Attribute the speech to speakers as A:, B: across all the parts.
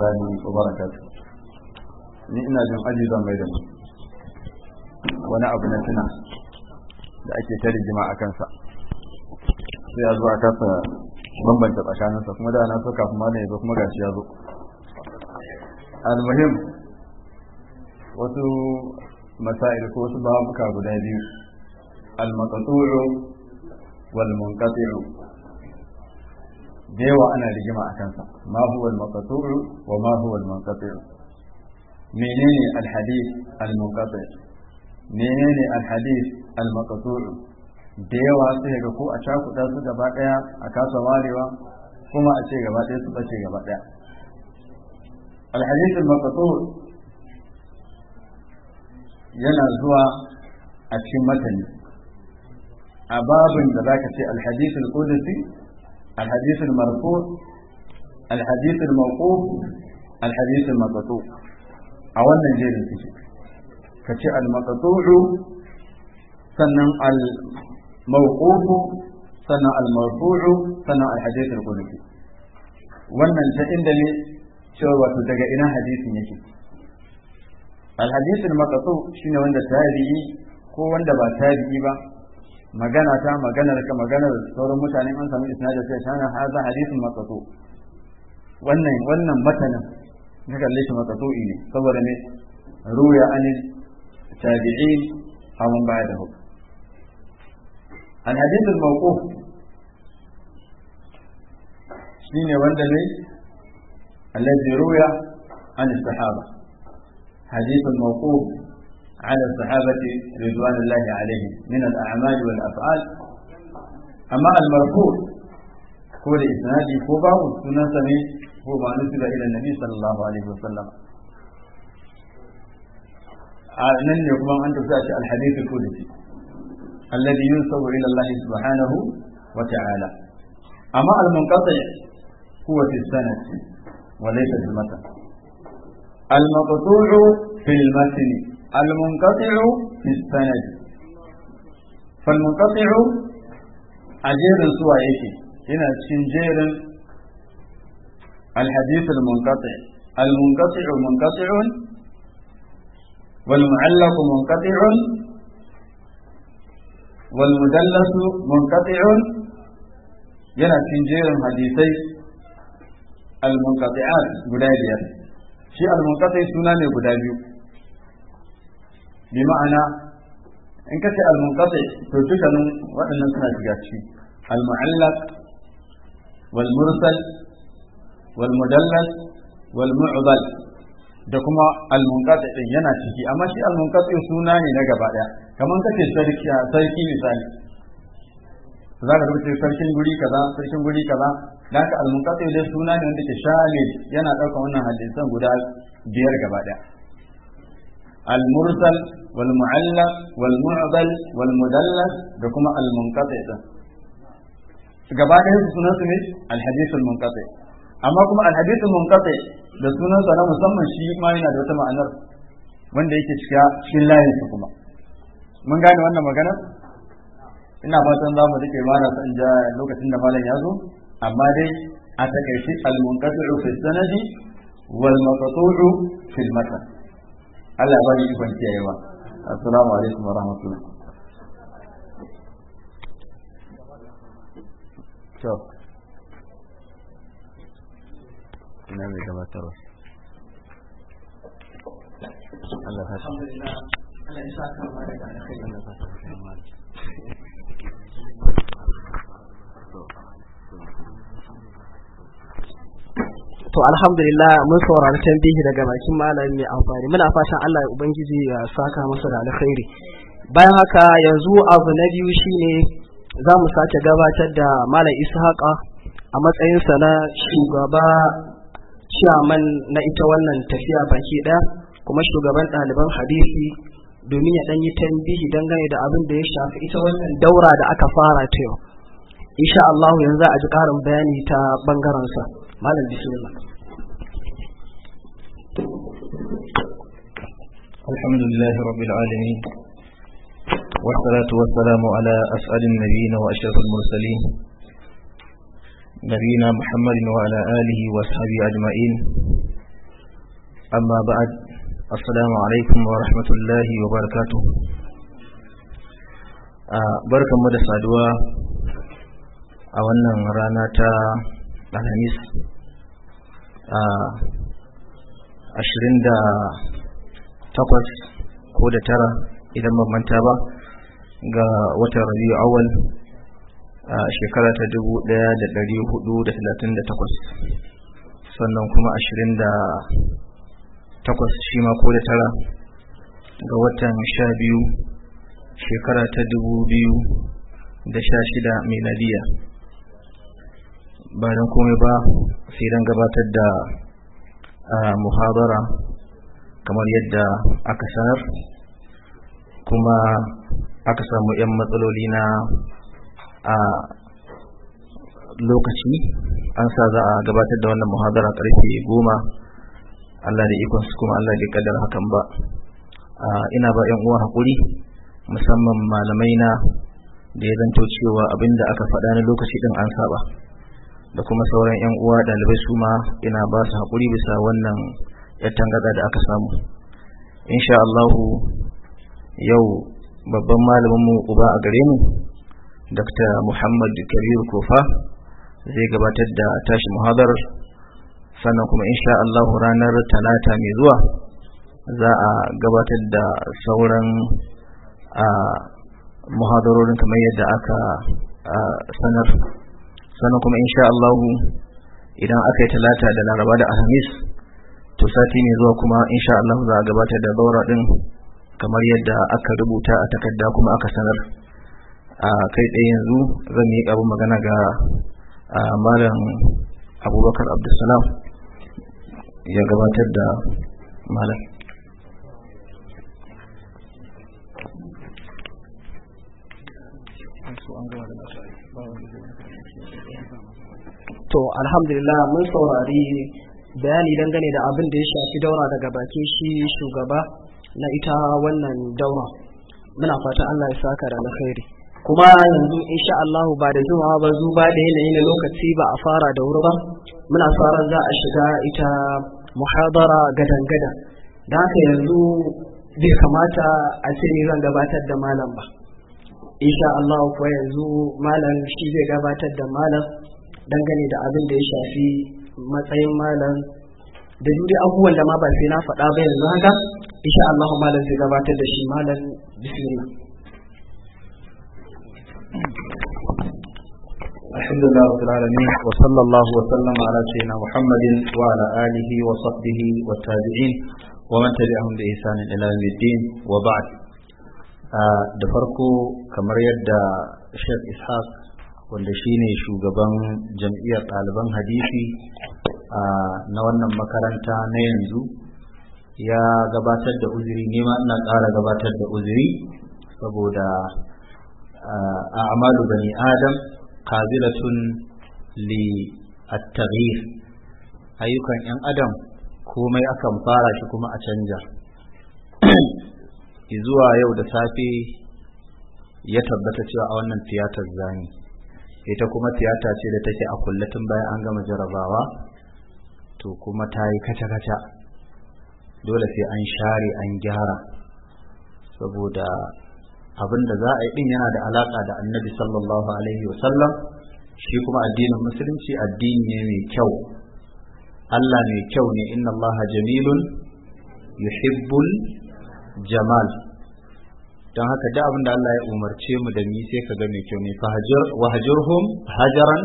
A: rani wabarakatu ni ina jin aji zan mai da mu wani abu na tuna da ake ta rigima a kansa sai ya zo a kasa bambanta tsakaninsa kuma da na so kafin ma ya zo kuma gashi ya zo almuhim wasu masail ko wasu babuka guda biyu al-maqtu'u wal munqati'u da yawa ana rigima a kansa ma huwa al-maqtu'u wa ma huwa al-munqati'u menene al-hadith al-munqati' menene al-hadith al-maqtu'u da yawa sai ga ko a cakuɗa su gaba ɗaya a kasa warewa kuma a ce gaba ɗaya su ɓace gaba ɗaya al-hadith al-maqtu' yana zuwa a cikin matani a babin da zaka ce al-hadith al-qudsi الحديث المرفوع الحديث الموقوف الحديث المقطوع a wannan jerin kici ka ce al-maqtu'u sannan al sannan al-marfu'u sannan al-hadith wannan ta inda ne cewa wato daga ina hadisin yake al-hadith al
B: shine wanda tabi'i
A: ko wanda ba tabi'i ba magana ta maganar ka maganar sauran mutane an samu isnadin sai shana haza hadisin matsatsu wannan wannan matanin ka kalle shi matsatsu'i ne saboda ne ruya anil tabi'in hawan baya da hukm an hadisin mawquf shine wanda ne allazi ruya an sahaba hadisin mawquf على الصحابة رضوان الله عليهم من الأعمال والأفعال أما المرفوع هو الإسناد فوبا وسنة فوبا نسب إلى النبي صلى الله عليه وسلم أعلن آه، يقوم أن تسأل الحديث القدسي الذي ينسب إلى الله سبحانه وتعالى أما المنقطع هو في السنة وليس في المتن المقطوع في المتن المنقطع في السند فالمنقطع أجير سوى إيشي هنا شنجير الحديث المنقطع المنقطع منقطع والمعلق منقطع والمدلس منقطع هنا cikin حديثي المنقطعات بدايه شيء المنقطع سنان shi bi ma'ana in ka ce al-munqati to dukkanin waɗannan suna shiga ciki al-mu'allaq wal mursal wal mudallas wal mu'dal da kuma al-munqati din yana ciki amma shi al-munqati suna ne na gaba daya kamar kace sarki sarki misali za ka rubuce sarkin guri kaza sarkin guri kaza dan ka al-munqati dai suna ne wanda ke shamil yana ɗaukar wannan hadisan guda biyar gaba daya المرسل والمعلق والمعضل والمدلس da kuma al-munqati gaba da su suna su ne al-hadith amma kuma al-hadith da sunan sa na musamman shi ma yana da wata ma'anar wanda yake cika cikin layin su kuma mun gane wannan magana ina fatan za mu rike mana san ja lokacin da malam ya zo amma dai a ta takaice al-munqati fi sanadi wal maqtu'u fil matan Allah ya bani ikon kiyayewa assalamu alaikum wa rahmatullah to ina mai gabatarwa
C: Allah ya alhamdulillah Allah ya saka mu da alkhairi Allah ya saka mu da alkhairi
D: to alhamdulillah mun saurari tambihi daga bakin malamin mai amfani muna fatan Allah ya ubangiji ya saka masa da alkhairi bayan haka yanzu abu na biyu shine za mu sake gabatar da malam ishaqa a matsayinsa na shugaba shaman na ita wannan tafiya baki ɗaya kuma shugaban ɗaliban hadisi domin ya yi tambihi dangane da abin da ya shafi ita wannan daura da aka fara ta yau insha Allah yanzu a ji ƙarin bayani ta ɓangarensa. sa malam bismillah
B: الحمد لله رب العالمين والصلاة والسلام على أسأل النبيين وأشرف المرسلين نبينا محمد وعلى آله وأصحابه أجمعين أما بعد السلام عليكم ورحمة الله وبركاته barkanmu da saduwa a wannan rana ta alhamis ah, ashirin da takwas ko da tara idan ban manta ba ga watan rabiu awal a ah, shekara ta dubu daya da dari hudu da talatin da takwas sannan kuma ashirin da takwas shi ma ko da tara ga watan sha biyu shekara ta dubu biyu da sha shida biya. ba don komai ba sai don gabatar da muhabara kamar yadda aka sanar kuma aka samu 'yan matsaloli na a lokaci an sa za a gabatar da wannan muhabara karfe goma Allah da ikon su kuma Allah da kaddar hakan ba ina ba 'yan uwa hakuri musamman malamai na da ya zanto cewa abinda aka faɗa na lokaci ɗin an saba da kuma sauran 'yan uwa ɗalibai su ma ina ba su haƙuri bisa wannan 'yattan tangada da aka samu insha Allahu yau babban malaminmu uba a gare mu dr muhammad kabir kofa zai gabatar da tashi muhadar sannan kuma insha Allahu ranar talata mai zuwa za a gabatar da sauran a muhadarorin kamar yadda aka sanar sannan kuma insha Allah idan aka yi talata da laraba da alhamis to sati ne zuwa kuma insha Allah za a gabatar da daura din kamar yadda aka rubuta a takarda kuma aka sanar a kai tsaye yanzu zan yi abin magana ga malam abubakar abdulsalam ya gabatar da malam
C: an
D: to alhamdulillah mun saurari bayani dangane da abin da ya shafi daura daga bakin shi shugaba na ita wannan daura muna fata Allah ya saka da alkhairi kuma yanzu insha Allah ba da zuwa ba zu da yanayi lokaci ba a fara da wuri ba muna fara za a shiga ita muhadara gadan gada da haka yanzu bai kamata a ce ni zan gabatar da malam ba insha Allah kuwa yanzu malam shi zai gabatar da malam dangane da abin da ya shafi matsayin malam da duk abubuwan da ma ba sai na faɗa ba yanzu haka insha Allah malam zai gabatar da shi malam bismillah
C: الحمد
B: لله رب العالمين وصلى الله وسلم alihi wa محمد wa tabi'in, wa والتابعين ومن تبعهم بإحسان إلى يوم wa وبعد ah, da farko kamar yadda Sheikh Ishaq wanda shine shugaban jam'iyyar ɗaliban hadisi na wannan makaranta na yanzu ya gabatar da uzuri nema ina ƙara gabatar da uzuri saboda a amalu bani adam kazilatun
A: li at-taghyir ayyukan 'yan adam
B: komai akan fara shi kuma a canja zuwa yau da safe ya tabbata cewa a wannan tiyatar zani ita kuma tiyata ce da take a kulle bayan an gama jarabawa to kuma ta yi kaca-kaca dole sai an share an gyara saboda
A: abin da za a yi din yana da alaka da annabi sallallahu alaihi wasallam shi kuma addinin musulunci addini ne mai kyau Allah mai kyau ne inna Allah jamilun yuhibbul jamal don haka da abin da Allah ya umarce mu da ni sai ka ga mai kyau ne fa hajar hajaran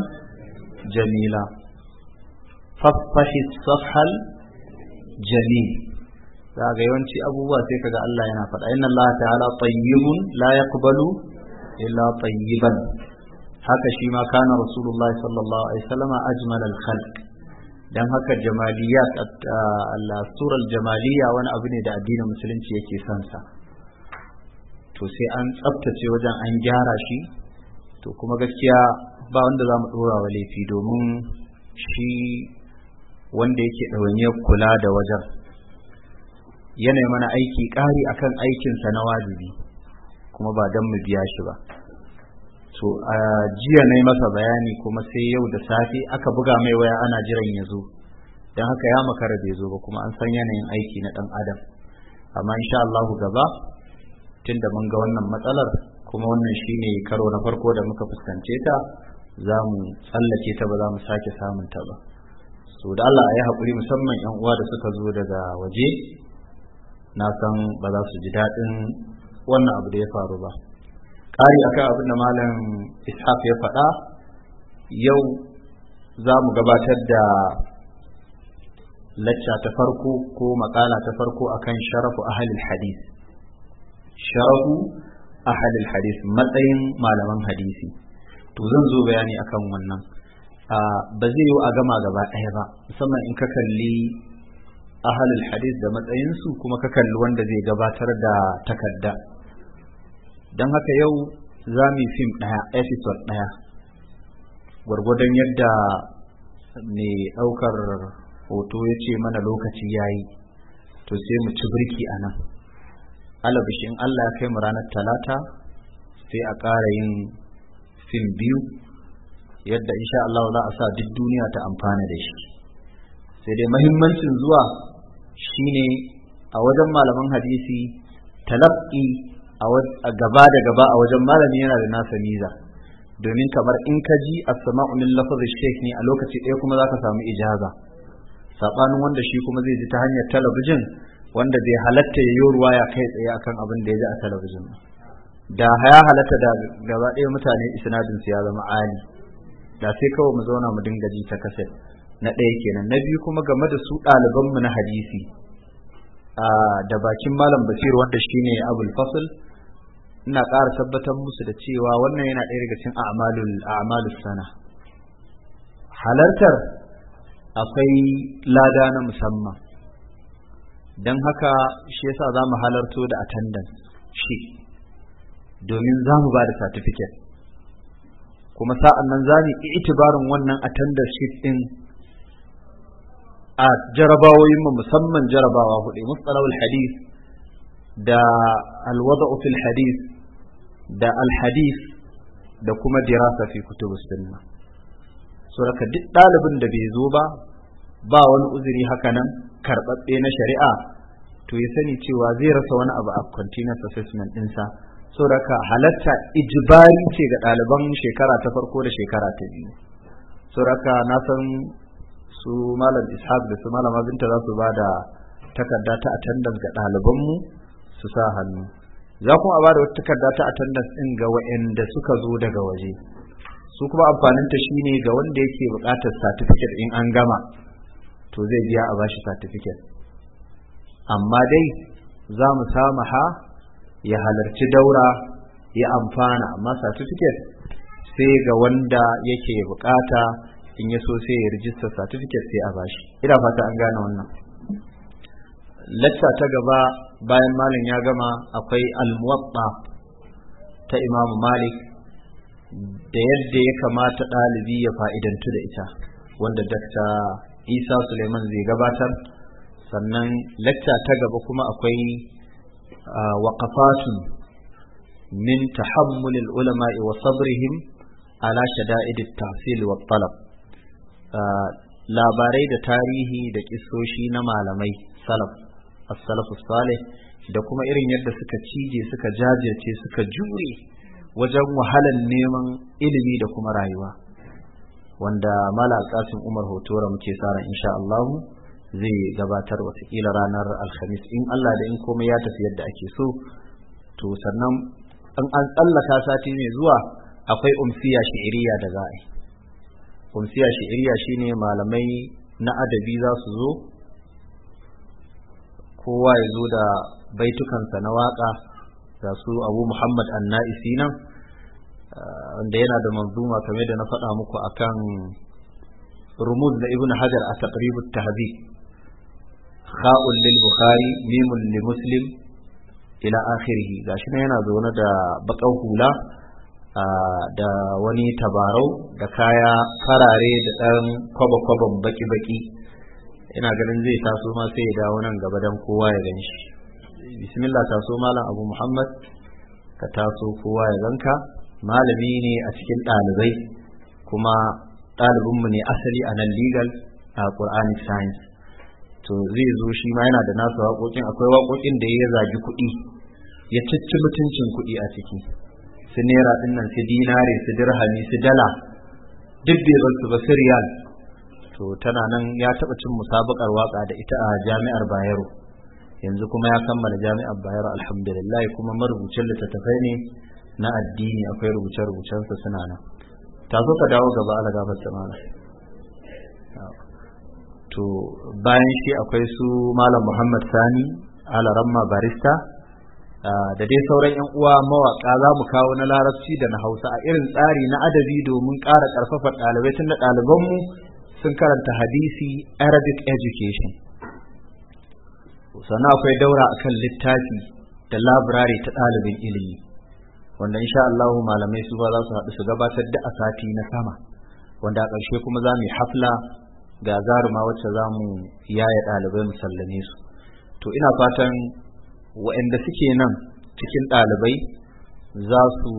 A: jamila fafahi safhal jamil
B: za ga yawanci abubuwa sai kaga Allah yana faɗa inna Allah ta'ala tayyibun
A: la yaqbalu illa tayyiban haka shi ma kana rasulullah sallallahu alaihi wasallam ajmal al khalq dan haka Jamaliya al sura jamaliya wani abu ne da addinin musulunci yake son sa
B: to sai an tsaftace wajen an gyara shi to kuma gaskiya ba wanda za mu ɗora wa laifi domin shi wanda yake ɗawainiyar kula da wajen yanayi mana aiki ƙari akan aikinsa na wajibi kuma ba don mu biya shi ba so a jiya na yi masa bayani kuma sai yau da safe aka buga mai waya ana jiran ya zo don haka ya makara bai zo ba kuma
A: an san yanayin aiki na ɗan adam amma insha Allahu gaba da mun ga wannan matsalar kuma wannan shine karo na farko da muka fuskance ta za mu tsallake ta ba za mu sake samun ta ba so da Allah ya haƙuri musamman yan uwa da suka zo daga waje na san ba za su ji daɗin wannan abu da ya faru ba ƙari akan abin da malam ishaq ya faɗa yau za mu gabatar da lacca ta farko ko makala ta farko akan sharafu ahlil hadis shahu ahadul hadis matsayin malaman hadisi to zan zo bayani akan wannan ba zai yi a gama gaba ɗaya ba musamman in ka kalli ahalul hadis da matsayinsu kuma ka kalli wanda zai gabatar da takarda don haka yau za mu yi fim ɗaya episode ɗaya
B: gwargwadon yadda mai ɗaukar hoto ya ce mana lokaci ya yi to sai mu ci birki a nan alabishin Allah ya kai mu ranar talata sai a ƙara yin fim biyu yadda
A: insha Allah za a sa duk duniya ta amfana da shi sai dai mahimmancin zuwa shine a wajen malaman hadisi talabi a gaba da gaba a wajen malami yana da nasa niza, domin kamar in ka ji a samau min lafzi shaykh ne a lokaci ɗaya kuma zaka samu ijaza Saɓanin wanda shi kuma zai ji ta hanyar talabijin wanda zai halatta ya yi ruwa ya kai tsaye akan abin da ya ji a talabijin da ya halatta da gaba ɗaya mutane isnadin su ya zama ali da sai kawai mu zauna mu dinga ji ta kaset na ɗaya kenan na biyu kuma game da su ɗaliban mu na hadisi
B: da bakin malam basir wanda shine abul fasl ina ƙara tabbatar musu da cewa wannan yana ɗaya daga cikin a'malul a'malus sana
A: halartar akwai lada na musamman don haka shi yasa za mu halarto da attendance shi domin za mu ba da certificate kuma sa'an nan za mu yi itibarin wannan attendance sheet ɗin a jarabawoyin mu musamman jarabawa hudu mustalawul hadis, da alwada'u fil da alhadis, da kuma dirasa fi kutubus sunna so duk ɗalibin da bai zo ba ba wani uzuri haka nan karɓaɓɓe na shari'a to ya sani cewa zai rasa wani abu a continuous assessment ɗinsa sauraka halatta ijibari ce ga ɗaliban shekara ta farko da shekara ta biyu sauraka na san su malam ishaq da su malama binta za su ba da takarda ta attendance ga ɗalibanmu su sa hannu za kuma a ba da wata takarda ta attendance ɗin ga wa'anda suka zo daga waje su kuma amfaninta shine ga wanda yake buƙatar certificate in an gama to zai biya a bashi certificate amma dai za mu samaha ya halarci daura ya amfana amma certificate sai ga wanda yake bukata in ya so sai ya rijista certificate sai a bashi ina fata an gane wannan lacca ta gaba bayan malin ya gama akwai almuwatta
B: ta imam malik da yadda ya kamata ɗalibi ya fa'idantu da ita wanda dakta isa suleiman zai gabatar
A: sannan lacca ta gaba kuma akwai waqafatun min tahammulil ulama'i wa sabrihim ala shada'id tahsil wa
B: talab labarai da tarihi da kisoshi na malamai salaf as-salaf salih da kuma irin yadda suka cije suka jajirce
A: suka jure wajen wahalan neman ilimi da kuma rayuwa
B: wanda mala kasim umar hotora muke tsara insha Allah zai gabatar watakila ranar alhamis in Allah da in komai ya tafi yadda ake so to sannan
A: an an tsallaka sati mai zuwa akwai umsiya shi'iriya da za a yi
B: umsiya shi'iriya shine malamai na adabi za su zo kowa ya zo da baitukansa na waka ga su abu
A: muhammad anna'isi nan wanda yana da manzuma kame da na faɗa muku a kan rumuz da ibn hajar a taqrib ta tahzib
C: kha'ul lil bukhari
A: mimun li muslim ila akhirih gashi ne yana zaune
B: da baƙar hula da wani tabarau da kaya farare da ɗan kwaba-kwaban baƙi baki ina ganin zai taso ma sai ya dawo nan gaba don kowa ya gan shi bismillah taso malam abu muhammad ka taso kowa ya ganka malami ne a cikin ɗalibai kuma ɗalibinmu ne asali a nan legal a ƙur'ani science to zai zo
A: shi ma yana da nasu waƙoƙin akwai waƙoƙin da ya zagi kuɗi ya cicci mutuncin kuɗi a ciki su naira ɗin nan su dinare su dirhami su dala duk bai zo su ba su to tana nan ya taɓa cin musabakar waƙa da ita a jami'ar bayero yanzu kuma ya kammala jami'ar bayero alhamdulillah kuma marubucin littattafai ne na addini akwai rubuce-rubucensa suna nan ta zo ka dawo gaba ala gabar mana to bayan shi akwai su malam muhammad sani ala ramma barista da dai sauran yan uwa mawaka za mu kawo na larabci da na hausa a irin tsari na adabi domin ƙara ƙarfafa ɗalibai tun da ɗalibanmu sun karanta hadisi arabic education sannan akwai daura akan littafi da labirari ta ɗalibin ilimi wanda insha Allah malamai su ba za su haɗu su gabatar da a sati na sama wanda a ƙarshe kuma za mu yi hafla ga zaruma wacce za mu yaya ɗalibai mu sallame su to ina fatan wa'anda suke nan cikin ɗalibai za su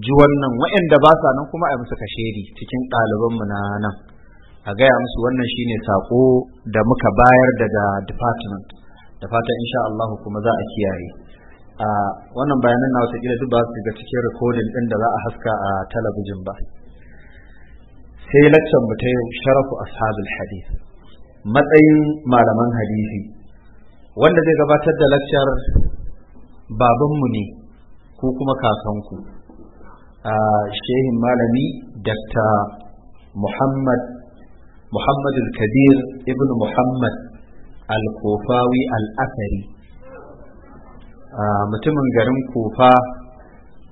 A: ji wannan wa'anda ba sa nan kuma a musu kashedi cikin ɗaliban mu na nan a gaya musu wannan shine sako da muka bayar daga department da fatan insha Allah kuma za a kiyaye a wannan bayanan na wata kila ba su ga cikin rikodin ɗin da za a haska a talabijin ba sai laccan mu ta yi sharafu ashabul hadith matsayin malaman hadisi wanda zai gabatar da laccar babanmu ne ko kuma kakanku a shehin malami dr muhammad muhammad kabir ibn muhammad al-kofawi al-asari mutumin garin kofa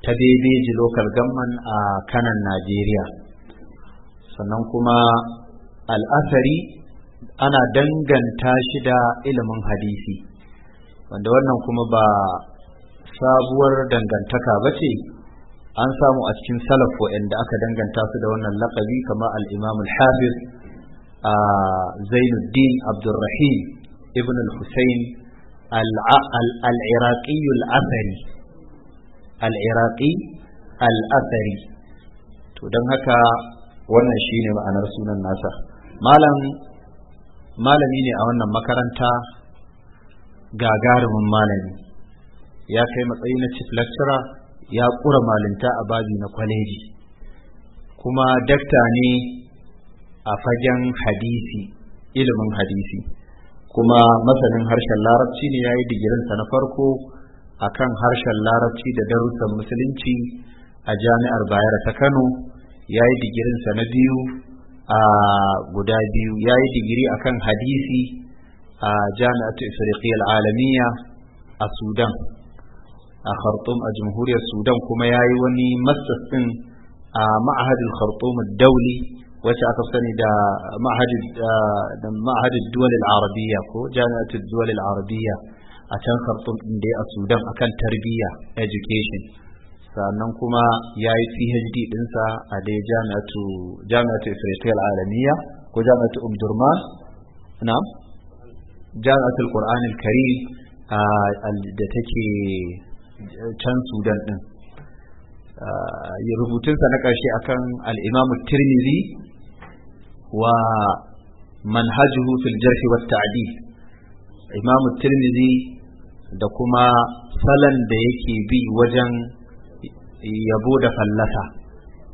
A: ta bebeji local gamman a kanan najeriya sannan kuma al'asari ana danganta shi da ilimin hadisi wanda wannan kuma ba sabuwar dangantaka ba ce an samu a cikin salaf waɗanda aka danganta su da wannan laƙabi kama al'imam al-hafiz a zainuddin abdulrahim ibn al-husayn العراقي iraqi العراقي athari to don haka wannan shine ma'anar sunan nasa malami ne a wannan makaranta gagarumin malami
B: ya kai matsayi na chief
A: lecturer ya ƙura malinta a babi na kwaleji kuma dakta ne a fagen hadisi ilimin hadisi kuma masanin harshen larabci ne ya yi digirinsa na farko a kan harshen larabci da darussan musulunci a jami'ar bayar ta kano ya yi digirinsa na
B: biyu a guda biyu ya yi digiri a kan hadisi a jami'atu ifriqiyar alamiya a sudan a khartoum a jamhuriyar sudan kuma ya yi wani masas ɗin a ma'ahadin khartoum dauli wacce aka sani da ma'ahadin duwalil arabiya ko jami'atul duwalil arabiya a can khartoum din dai a sudan akan tarbiyya education sannan kuma ya yi phd dinsa a dai jami'atu
A: jami'atu alamiya ko jami'atu umdurman na jami'atul qur'an karim da take can sudan din rubutunsa na ƙarshe akan al'imamu tirmidhi wa manhaji fil jarhi wa ta'dil imam tirmidhi da kuma salon da yake bi wajen
B: yabo da fallasa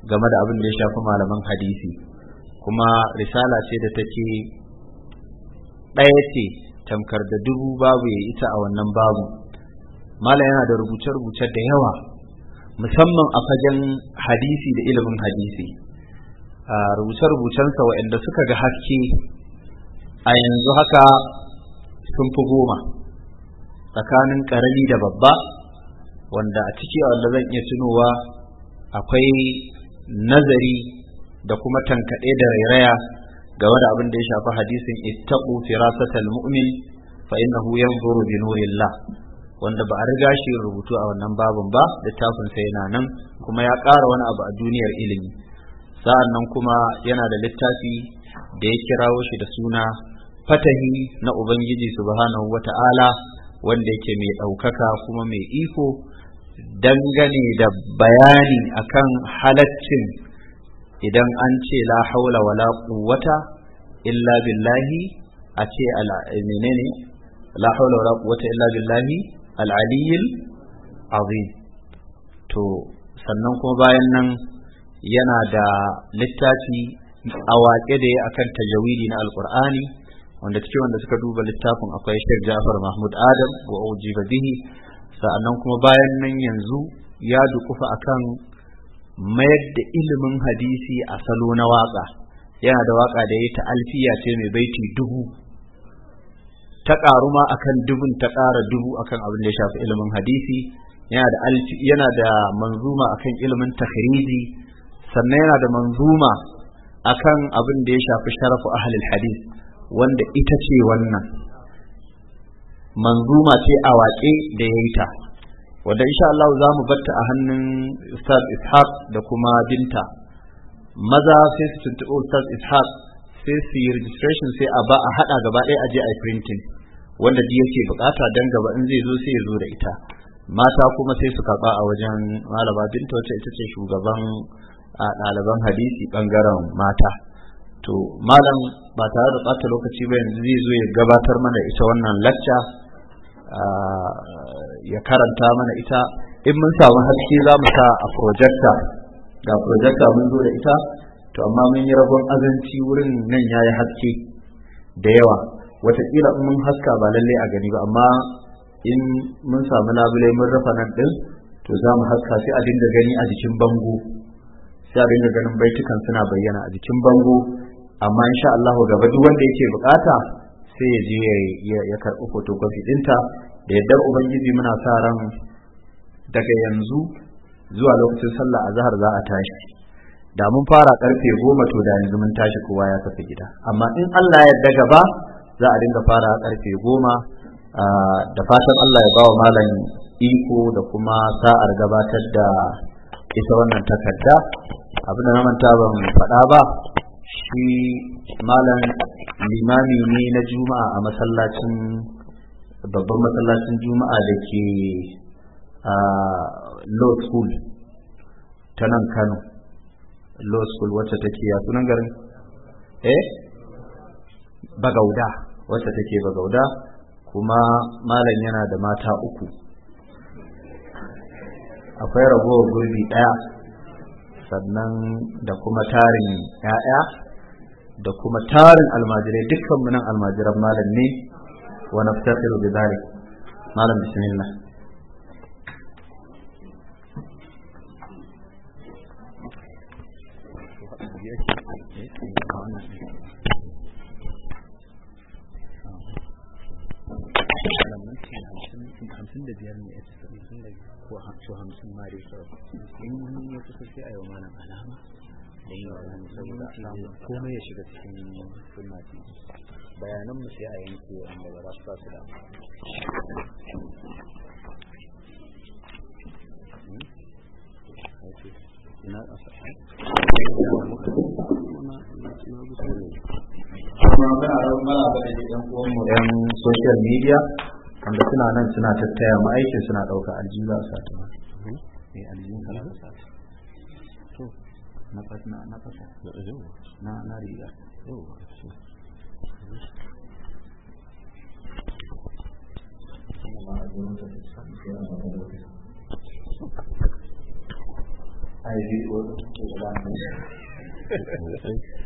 B: game da abin da ya shafi malaman hadisi kuma risala ce da take ɗaya ce
A: tamkar da dubu babu ya ita a wannan babu mala yana da rubuce-rubuce da yawa musamman a fagen hadisi da ilimin hadisi a rubuce-rubucensa waɗanda suka ga haske a yanzu haka sun fi goma tsakanin ƙarami da babba wanda a ciki
B: a wanda zan iya tunowa akwai nazari da kuma tankaɗe da rairaya ga da abin da ya shafi hadisin ittaqu firasatal mu'min fa innahu yanzuru bi nurillah wanda ba a riga shi rubutu a wannan babin ba littafin sa yana nan kuma ya ƙara wani abu a duniyar ilimi sa'an nan kuma yana da littafi da ya kirawo shi da suna fatahi na ubangiji subhanahu ta’ala wanda yake mai ɗaukaka kuma mai iko
A: dangane da bayani akan halaccin idan an ce la haula wala quwwata illa billahi a ce eh, menene la haula wala quwwata illa billahi al-aliyyil azim
B: to sannan kuma bayan nan yana da littafi a waƙe da ya akan tajawidi na alƙur'ani wanda cikin wanda suka duba littafin akwai shek Jafar Mahmud Adam wa oji bihi sa'annan kuma bayan nan yanzu
A: ya dukufa akan mayar da ilimin hadisi a salo na waƙa yana da waƙa da ya ta alfiya ce mai baiti dubu ta ƙaru ma akan dubun ta ƙara dubu akan abin da ya shafi ilimin hadisi yana da manzuma akan ilimin tahriji sannan yana da manzuma akan abin da ya shafi sharafu ahlul hadith wanda ita ce wannan manzuma ce a waƙe da ya yi ta wanda insha Allah za mu batta a hannun Ustaz Ishaq da kuma binta maza sai su tuntuɓi Ustaz Ishaq sai su yi registration sai a ba a haɗa gaba ɗaya a je a printing wanda ji yake bukata don gaba in zai zo sai ya zo da ita mata kuma sai su karɓa a wajen malama binta wacce ita ce shugaban a ɗaliban hadisi ɓangaren mata to malam ba tare da ɓata lokaci ba yanzu zai zo ya gabatar mana ita wannan lacca ya karanta mana ita in mun samu haske za mu sa a projecta ga projecta mun zo da ita to amma mun yi rabon azanci wurin nan ya yi haske da yawa watakila in mun haska ba lalle a gani ba amma in mun samu labule mun rafa nan ɗin to za mu haska sai a dinga gani a jikin bango sai a dinga ganin baitukan suna bayyana a jikin bango amma insha Allah gaba duk wanda yake bukata sai ya je ya karɓi photocopy ɗinta da yadda ubangiji muna sa ran daga yanzu zuwa lokacin sallah azhar za a tashi da mun fara karfe goma to da yanzu mun tashi kowa ya tafi gida amma in Allah ya yarda gaba za a dinga fara karfe goma ah, da fatan Allah ya bawa malam iko da kuma sa'ar gabatar da ita wannan takarda abin na manta ba mu faɗa ba shi malam limami ne na juma'a a masallacin babban masallacin juma'a da ke a law school ta nan kano law school wacce take ya sunan garin eh bagauda wacce take bagauda kuma malam yana da mata uku akwai ragowar gurbi ɗaya sannan da kuma tarin ‘ya'ya da kuma tarin almajirai dukkan nan almajiran malam ne
B: wa naftaqiru bi malam bismillah da biyar ko hamsin ma da shi in wani ya kusa sai a yi wa malam alama yi wa saboda alama komai ya shiga cikin sunna ce bayanan mu sai a yanke wanda ba za su su da hmm? social media wanda suna nan suna tattaya ma aikin suna ɗauka aljihu za su sata
A: eh, to na na fasa
C: na na riga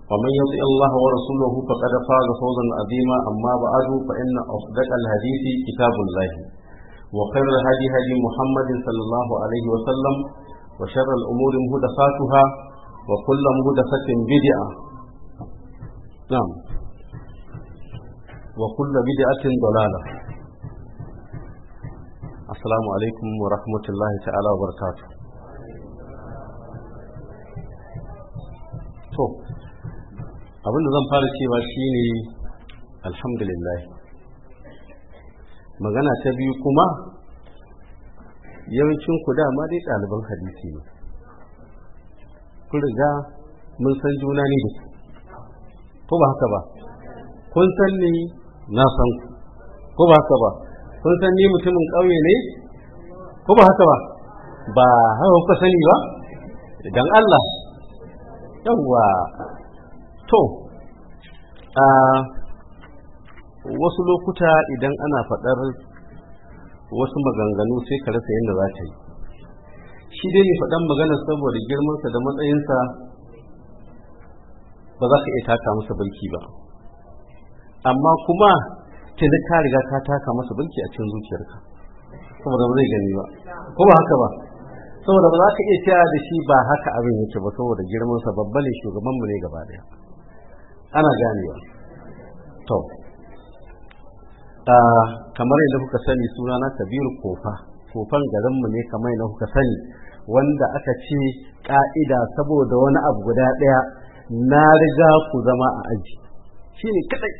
A: ومن يطع الله ورسوله فقد فاز فوزا عظيما أما بعد فإن أصدق الحديث كتاب الله وخير الهدي هدي محمد صلى الله عليه وسلم وشر الأمور مهدفاتها وكل مهدفة بدعة نعم وكل بدعة ضلالة السلام عليكم ورحمة الله تعالى وبركاته to abinda zan fara cewa shine alhamdulillah magana ta biyu kuma yawancin ku dama dai ɗaliban hadisi ne kun riga mun san juna ne da ko ba haka ba kun san ni na san ku ko ba haka ba kun san ni mutumin ƙauye ne ko ba haka ba ba haka kuka sani ba idan Allah yawwa to a wasu lokuta idan ana faɗar wasu maganganu sai ka rasa yadda za ta yi shi dai ne faɗan magana saboda girmansa da matsayinsa ba za ka iya taka masa barki ba amma kuma tunda ka riga ka taka masa barki a cikin zuciyarka saboda ba zai gani ba ko ba haka ba saboda ba za ka iya cewa da shi ba haka abin yake ba saboda girmansa babba ne shugabanmu ne gaba daya ana ganewa to ah, kamar yadda kuka sani sunana kabiru kofa kofan garinmu ne kamar yadda kuka sani wanda aka ce ka'ida saboda wani abu guda ɗaya na riga ku zama a aji shi ne kaɗai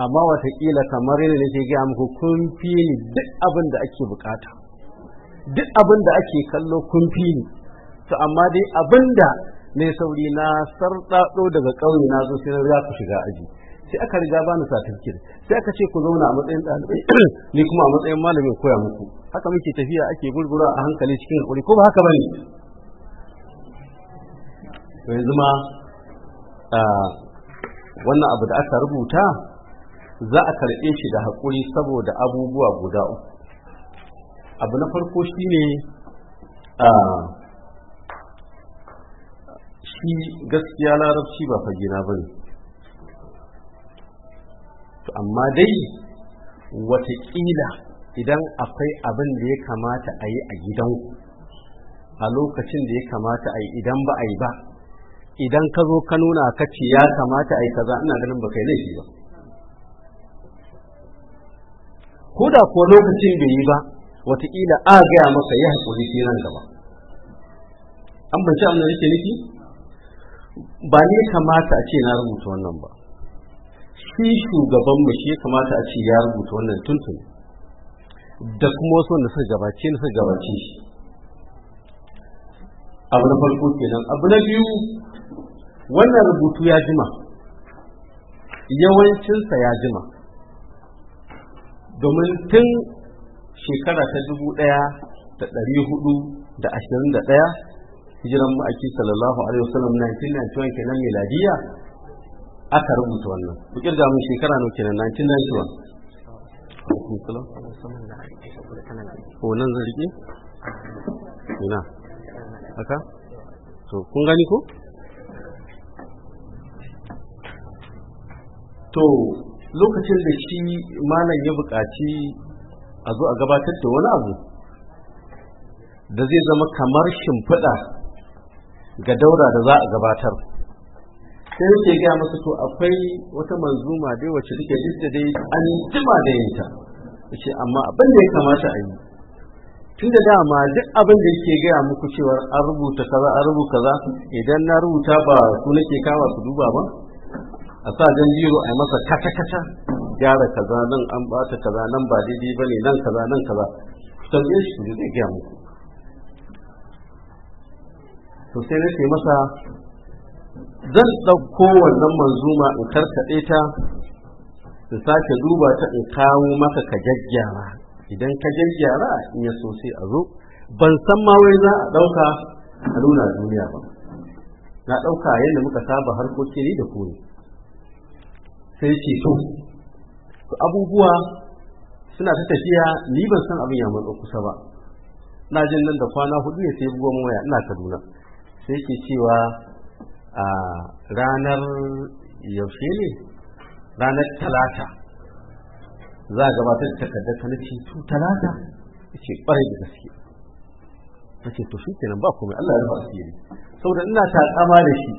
A: amma watakila kamar yadda nake gaya muku kun fi ni duk abin da ake bukata duk abin da ake kallo kun fi ni to amma dai abin da ne sauri na sarɗaɗo daga ƙauye na zo sai ya ku shiga aji sai aka riga bani satifiket sai aka ce ku zauna a matsayin ɗalibai ni kuma a matsayin malamin koya muku haka muke tafiya ake gurgura a hankali cikin hakuri ko ba haka bane to yanzu ma wannan abu da aka rubuta za a karɓe shi da hakuri saboda abubuwa guda uku abu na farko shine ne shi gaskiya larabci ba fagina ba ne to amma dai watakila idan akwai abin da ya kamata a yi a gidanku a lokacin da ya kamata a yi idan ba a yi ba idan ka zo ka nuna ka ce ya kamata a yi kaza ina ganin ba kai laifi ba ko da kuwa lokacin bai yi ba wataƙila a gaya masa ya haƙuri sai nan gaba an banci abin da yake nufi ba ne kamata a ce na rubuta wannan ba shi shugabanmu shi ya kamata a ce ya rubuta wannan tuntun da kuma wasu wanda suka gabace na suka gabace shi abu na farko kenan abu na
E: biyu wannan
A: rubutu ya jima yawancinsa ya jima domin tun shekara ta dubu ɗaya da ɗari hudu da ashirin da ɗaya hijiran ma'aiki sallallahu alaihi wasallam 1991 kenan miladiya aka rubuta wannan ku kirga mun shekara nawa kenan
B: 1991
A: ko nan zan rike ina Aka? to kun gani ko to lokacin da shi malam ya buƙaci a zo a gabatar da wani abu da zai zama kamar shimfiɗa ga daura da za a gabatar sai yake gaya masa to akwai wata manzuma dai wacce take da dai an jima da yinta yace amma abin da ya kamata a yi tun da dama duk abin da yake gaya muku cewa an rubuta kaza an rubuta kaza idan na rubuta ba ku nake kama ku duba ba a sa dan jiro a yi masa kata kata gyara kaza nan an bata kaza nan ba daidai bane nan kaza nan kaza tambaye shi zai gaya muku to sai na masa zan ɗauko wannan manzuma in karkaɗe ta in sake duba ta in kawo maka ka jajjara idan ka jajjara in ya sosai a zo ban san ma wai za a ɗauka a nuna duniya ba na ɗauka yadda muka saba harkoki ne da koyi sai ce to abubuwa suna ta tafiya ni ban san abin ya matsa kusa ba na jin nan da kwana hudu ne sai bugon waya ina kaduna sai ke cewa a ranar yaushe ne ranar talata za a gabatar da takardar ta na ce to talata ce kwarai da gaske nake to shi kenan ba komai Allah ya rufa Sau saboda ina takama da shi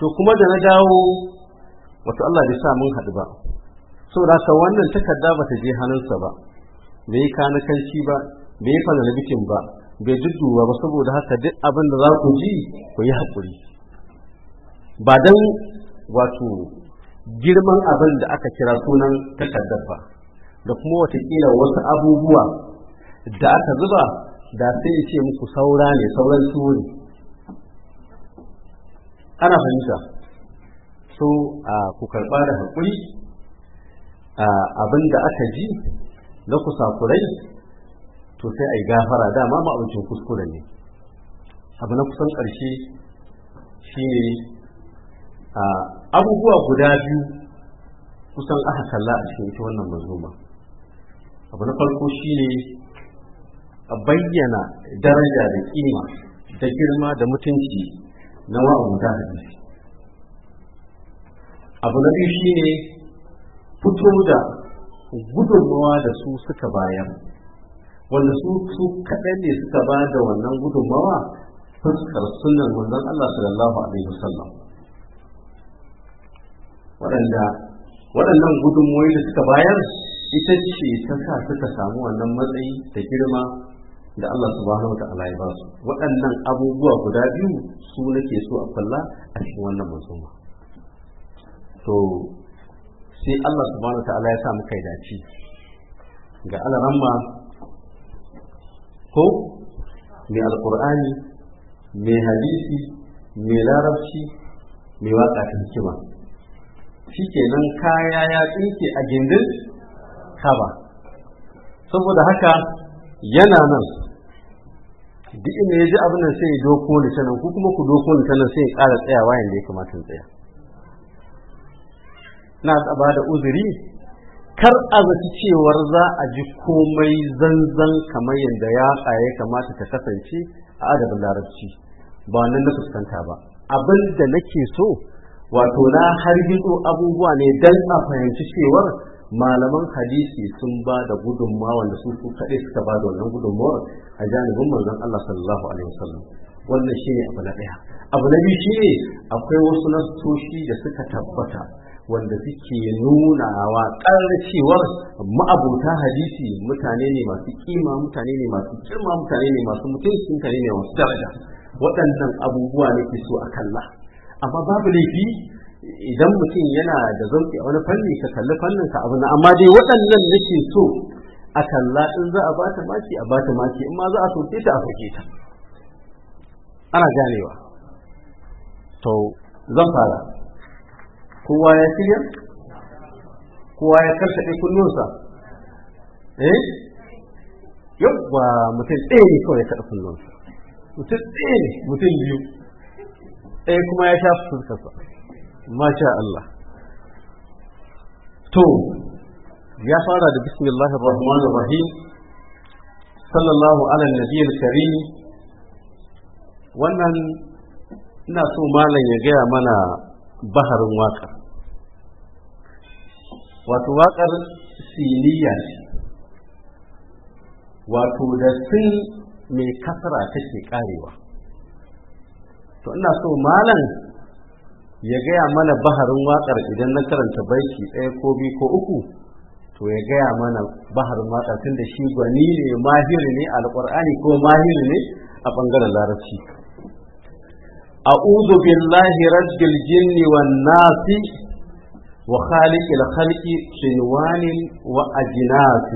A: to kuma da na dawo wato Allah bai sa mun haɗu ba saboda ka wannan takarda ba ta je hannunsa ba bai yi kanakanci ba bai yi bikin ba bai jidduwa ba saboda haka duk abin da za ku ji ku yi haƙuri ba don wato girman abin da aka kira sunan takardar ba da kuma watakila wasu abubuwa da aka zuba da sai ya ce muku saura ne sauran suri ana fahimta so a ku karɓa da haƙuri abin da aka ji na sakurai to sai a yi gafara dama ma abincin kuskure ne abu na kusan ƙarshe shine abubuwa guda biyu kusan aka kalla a cikin ita wannan mazuma abu na farko shine a bayyana daraja da kima da girma da mutunci na da hadisi abu na biyu shine fito da gudunmawa da su suka bayan. wanda su su kaɗai ne suka ba da wannan gudunmawa fuskar sunan wanzan Allah sallallahu alaihi wasallam waɗanda waɗannan gudunmawoyi da suka bayar ita ce ta sa suka samu wannan matsayi da girma da Allah subhanahu wa ta'ala ya ba su waɗannan abubuwa guda biyu su nake so a kalla a cikin wannan musulma to sai Allah subhanahu wa ta'ala ya sa muka dace ga alaramma ko mai alkur'ani mai hadisi mai larabci mai waka ta hikima shi kenan kaya ya tsinke a gindin kaba saboda haka yana nan duk inda ya ji abin nan sai ya doko ni ta nan kuma ku doko ni ta sai ya kara tsayawa yadda ya kamata tsaya na ba da uzuri kar a zaci cewar za a ji komai zanzan kamar yadda ya ya kamata ta kasance a adabin larabci ba nan na fuskanta ba abin da nake so wato na har abubuwa ne don a fahimci cewar malaman hadisi sun ba da gudunmawa wanda su su kaɗai suka ba da wannan gudunmawar a janibin manzon Allah sallallahu alaihi wasallam wannan shine abu na ɗaya abu na biyu shine akwai wasu nasoshi da suka tabbata wanda suke nuna wa ma'abuta hadisi mutane ne masu kima mutane ne masu girma mutane ne masu mutunci mutane ne masu daraja waɗannan abubuwa ne ke so a kalla amma babu laifi idan mutum yana da zauki a wani fanni ka kalli fannin ka abu na amma dai waɗannan nake so a kalla in za a bata maki a bata maki in ma za a soke ta a soke ta ana ganewa to zan fara kowa ya shirya kowa ya karkaɗe kullunsa eh yabba mutum ɗaya ne kawai ya kaɗa kullunsa mutum ɗaya ne mutum biyu ɗaya kuma ya sha fuskarsa masha Allah to ya fara da bismillahir rahmanir rahim sallallahu ala nabiyil karim wannan ina so malam ya gaya mana baharin waƙar wato waƙar siniya wato da sin mai kasara take karewa to ina so malam ya gaya mana baharin waƙar idan na karanta baiki ɗaya ko biyu ko uku to ya gaya mana baharin waƙar tun da shi gwani ne mahiri ne alƙur'ani ko mahiri ne a ɓangaren larabci أعوذ بالله رب الجن والناس وخالق الخلق شنوان وأجناس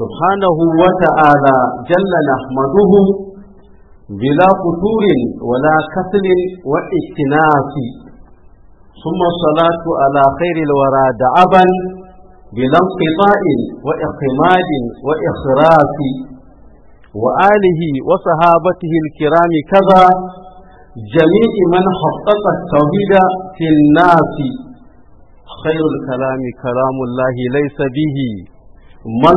A: سبحانه وتعالى جل نحمده بلا قصور ولا كسل واجتناس ثم الصلاة على خير الورى دعبا بلا انقطاع وإقماد وإخراس وآله وصحابته الكرام كذا جميع من حقق التوحيد في الناس خير الكلام كلام الله ليس به من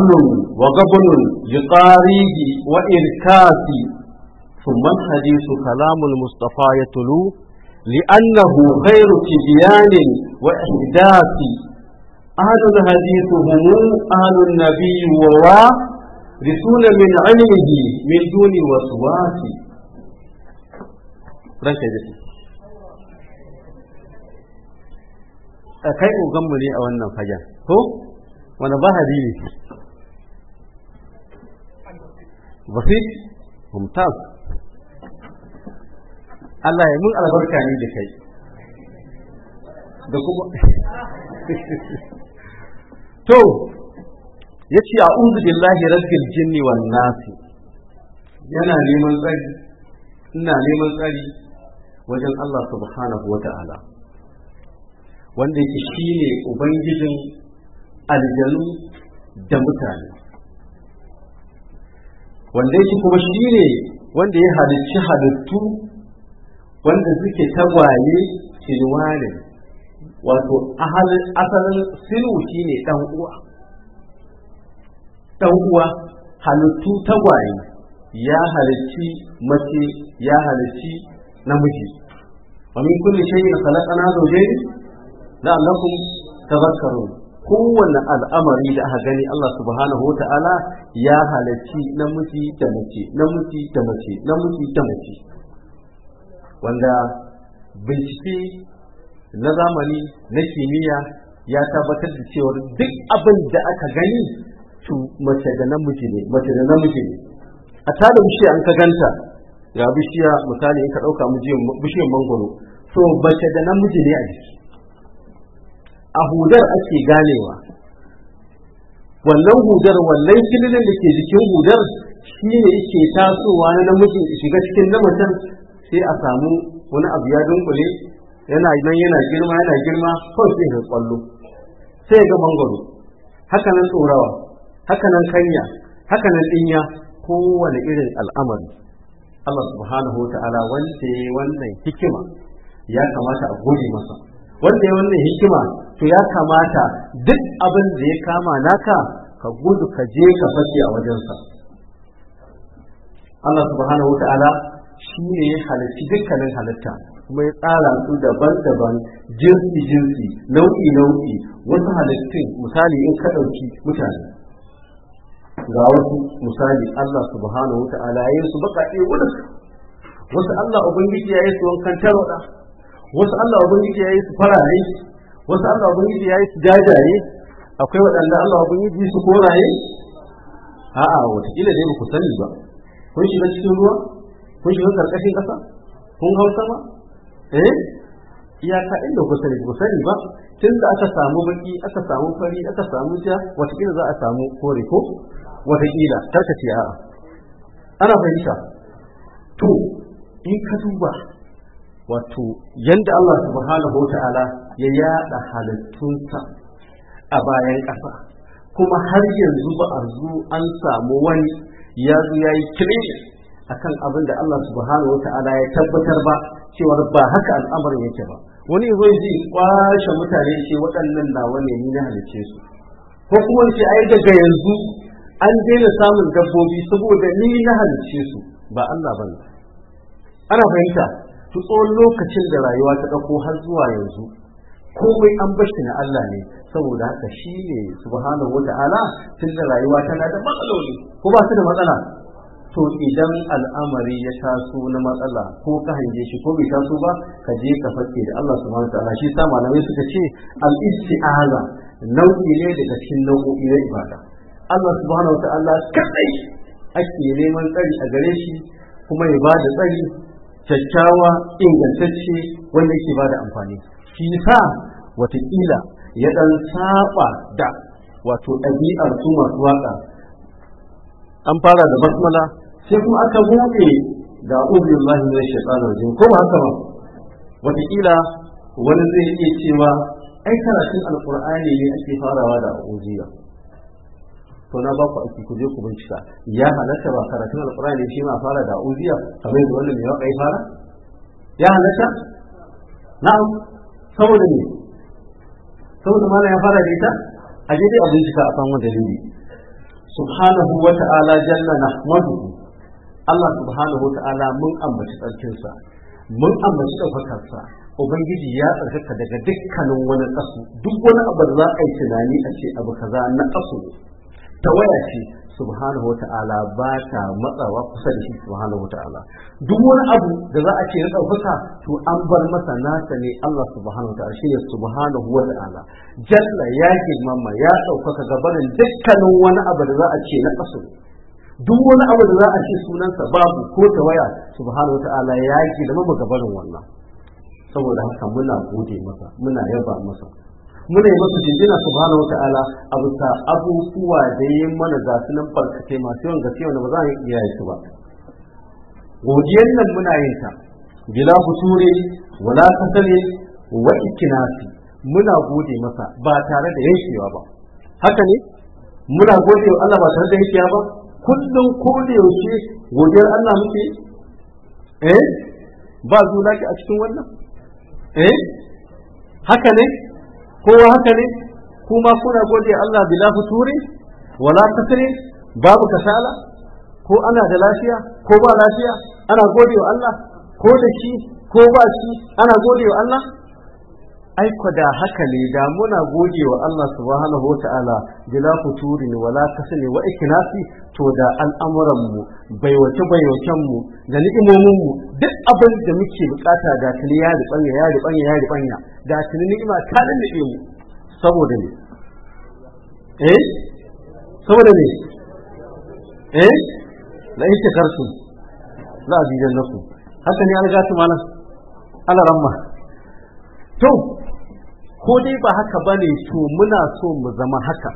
A: وغبن لقاريه وإركاس ثم الحديث كلام المصطفى يتلو لأنه خير تبيان وإحداث أهل الحديث هم أهل النبي ورسول من علمه من دون وسواس ranka ya daɗe kai uganmu ne a wannan fagen ko wani bahari ne wasi mumtaz Allah ya mun albarka ne da kai da kuma to yace a'udhu billahi rabbil jinni wan nas yana neman tsari ina neman tsari wajen Allah subhanahu wa ta'ala wanda yake shi ne ubangijin aljanu da mutane wanda yake kuma shi ne wanda ya halicci halittu wanda suke tagwaye silwanin wato asalin silu shi ne uwa uwa halittu tagwaye ya halicci mace ya halicci namiji ومن كل شيء خلقنا زوجين لعلكم تذكرون kowanne al'amari da aka gani Allah subhanahu wa ta'ala ya halarci namiji da mace namiji da mace namiji da mace wanda bincike na zamani na kimiyya ya tabbatar da cewar duk abin da aka gani to mace da namiji ne mace da namiji ne a tada an ka ganta ga bishiya misali in ka ɗauka bishiyar mangoro so bace da namiji ne a jiki a hudar ake ganewa wannan hudar wannan kililin da ke jikin hudar shi ne yake tasowa na namiji shiga cikin na sai a samu wani abu ya dunkule yana nan yana girma yana girma kawai sai ga kwallo sai ga mangoro haka nan tsorawa haka nan kanya haka nan dinya kowane irin al'amari Allah subhanahu ta'ala wanda ya wannan hikima ya kamata a gode masa wanda ya wannan hikima to ya kamata duk abin da ya kama naka ka gudu ka je ka fashe a wajensa Allah subhanahu ta'ala shi ne ya halarci dukkanin halitta kuma ya tsara su daban-daban jinsi-jinsi nau'i-nau'i wasu halittun misali in ka ɗauki mutane ga wasu misali Allah subhanahu wa ta'ala yayin su baƙaƙe wani wasu Allah ubangiji yayin su wankan tarwada wasu Allah ubangiji yayin su farare wasu Allah ubangiji yayin su jajaye akwai waɗanda Allah ubangiji su koraye a'a wataƙila dai ba ku sani ba kun shiga cikin ruwa kun shiga karkashin ƙasa kun hau sama eh iyaka inda ku sani ku sani ba tun da aka samu baki aka samu fari aka samu ja watakila za a samu kore ko watakila karka ce a'a ana fahimta to in ka duba wato yanda Allah subhanahu wa ta'ala ya yada halittunsa a bayan ƙasa kuma har yanzu ba a an samu wani ya zo ya yi A akan abin da Allah subhanahu wa ta'ala ya tabbatar ba cewa ba haka al'amarin yake ba wani zai ji kwashe mutane ce waɗannan nawa ne ni na halice su ko kuma ce ai daga yanzu an daina samun dabbobi saboda ni na halice su ba Allah bane ana fahimta su tsawon lokacin da rayuwa ta ɗauko har zuwa yanzu komai an bar na Allah ne saboda haka shi ne subhanahu Ta'ala, tun da rayuwa tana da matsaloli ko ba su da matsala to idan al'amari ya taso na matsala ko ka hange shi ko bai taso ba ka je ka fakke da Allah subhanahu wataala shi sa malamai suka ce al-isti'aza nau'i ne daga cikin nau'o'i na ibada Allah subhanahu wataala kadai ake neman tsari a gare shi kuma ya ba da tsari kyakkyawa ingantacce wanda yake ba da amfani shi sa watakila ya dan saba da wato ɗabi'ar su masu waƙa an fara da basmala sai kuma aka buɗe da ne shi shaitanir rajim ko ba haka ba wataƙila wani zai iya cewa ai karatun alqur'ani ne ake farawa da ubiya to na ba ku aiki ku je ku bincika ya halatta ba karatun alqur'ani shi ma fara da ubiya kamar da wannan ya kai fara ya halatta na'am saboda ne saboda mana ya fara da ita a je dai a bincika a san wani dalili subhanahu wa ta'ala jalla nahmadu Allah subhanahu wa ta'ala mun ambaci tsarkinsa mun ambaci ɗaukakarsa ubangiji ya tsarkaka daga dukkanin wani ƙasu duk wani abu da za a yi tunani a ce abu kaza na ƙasu tawaya ce subhanahu wa ta'ala ba ta matsawa kusa da shi subhanahu wa ta'ala duk wani abu da za a ce na ɗaukaka to an bar masa nasa ne Allah subhanahu wa ta'ala ne subhanahu wa ta'ala jalla ya girmama ya ɗaukaka gabanin dukkanin wani abu da za a ce na ƙasu duk wani abu da za a ce sunansa babu ko tawaya subhanahu wa ta'ala ya girmama gabanin wannan saboda haka muna gode masa muna yaba masa muna yi masu jinjina subhanahu wa ta'ala a bisa abubuwa da ya mana za su nan barkatai masu yawan gaske wanda ba za mu iya su ba godiyar nan muna yin ta bila husure wala kasale wa ikinasi muna gode masa ba tare da yankewa ba haka ne muna gode wa Allah ba tare da yankewa ba kullum ko da yaushe godiyar Allah muke eh ba zuwa a cikin wannan eh haka ne kowa haka ne kuma kuna gode Allah bila futuri wala kasri babu kasala ko ana da lafiya ko ba lafiya ana gode wa Allah ko da shi ko ba shi ana gode wa Allah aiko da haka ne da muna gode wa Allah subhanahu wa ta'ala turi ne wala kasani wa ikinasi to da al'amuran mu baiwace baiwacen mu da ni'imomin mu duk abin da muke bukata da tuni ya ribanya ya ribanya ya ribanya da tuni ni'ima ta lullube mu saboda ne eh saboda ne eh la karsu la azidan lakum haka ne an gata mana ala ramma to ko dai ba haka ba ne to muna so mu zama haka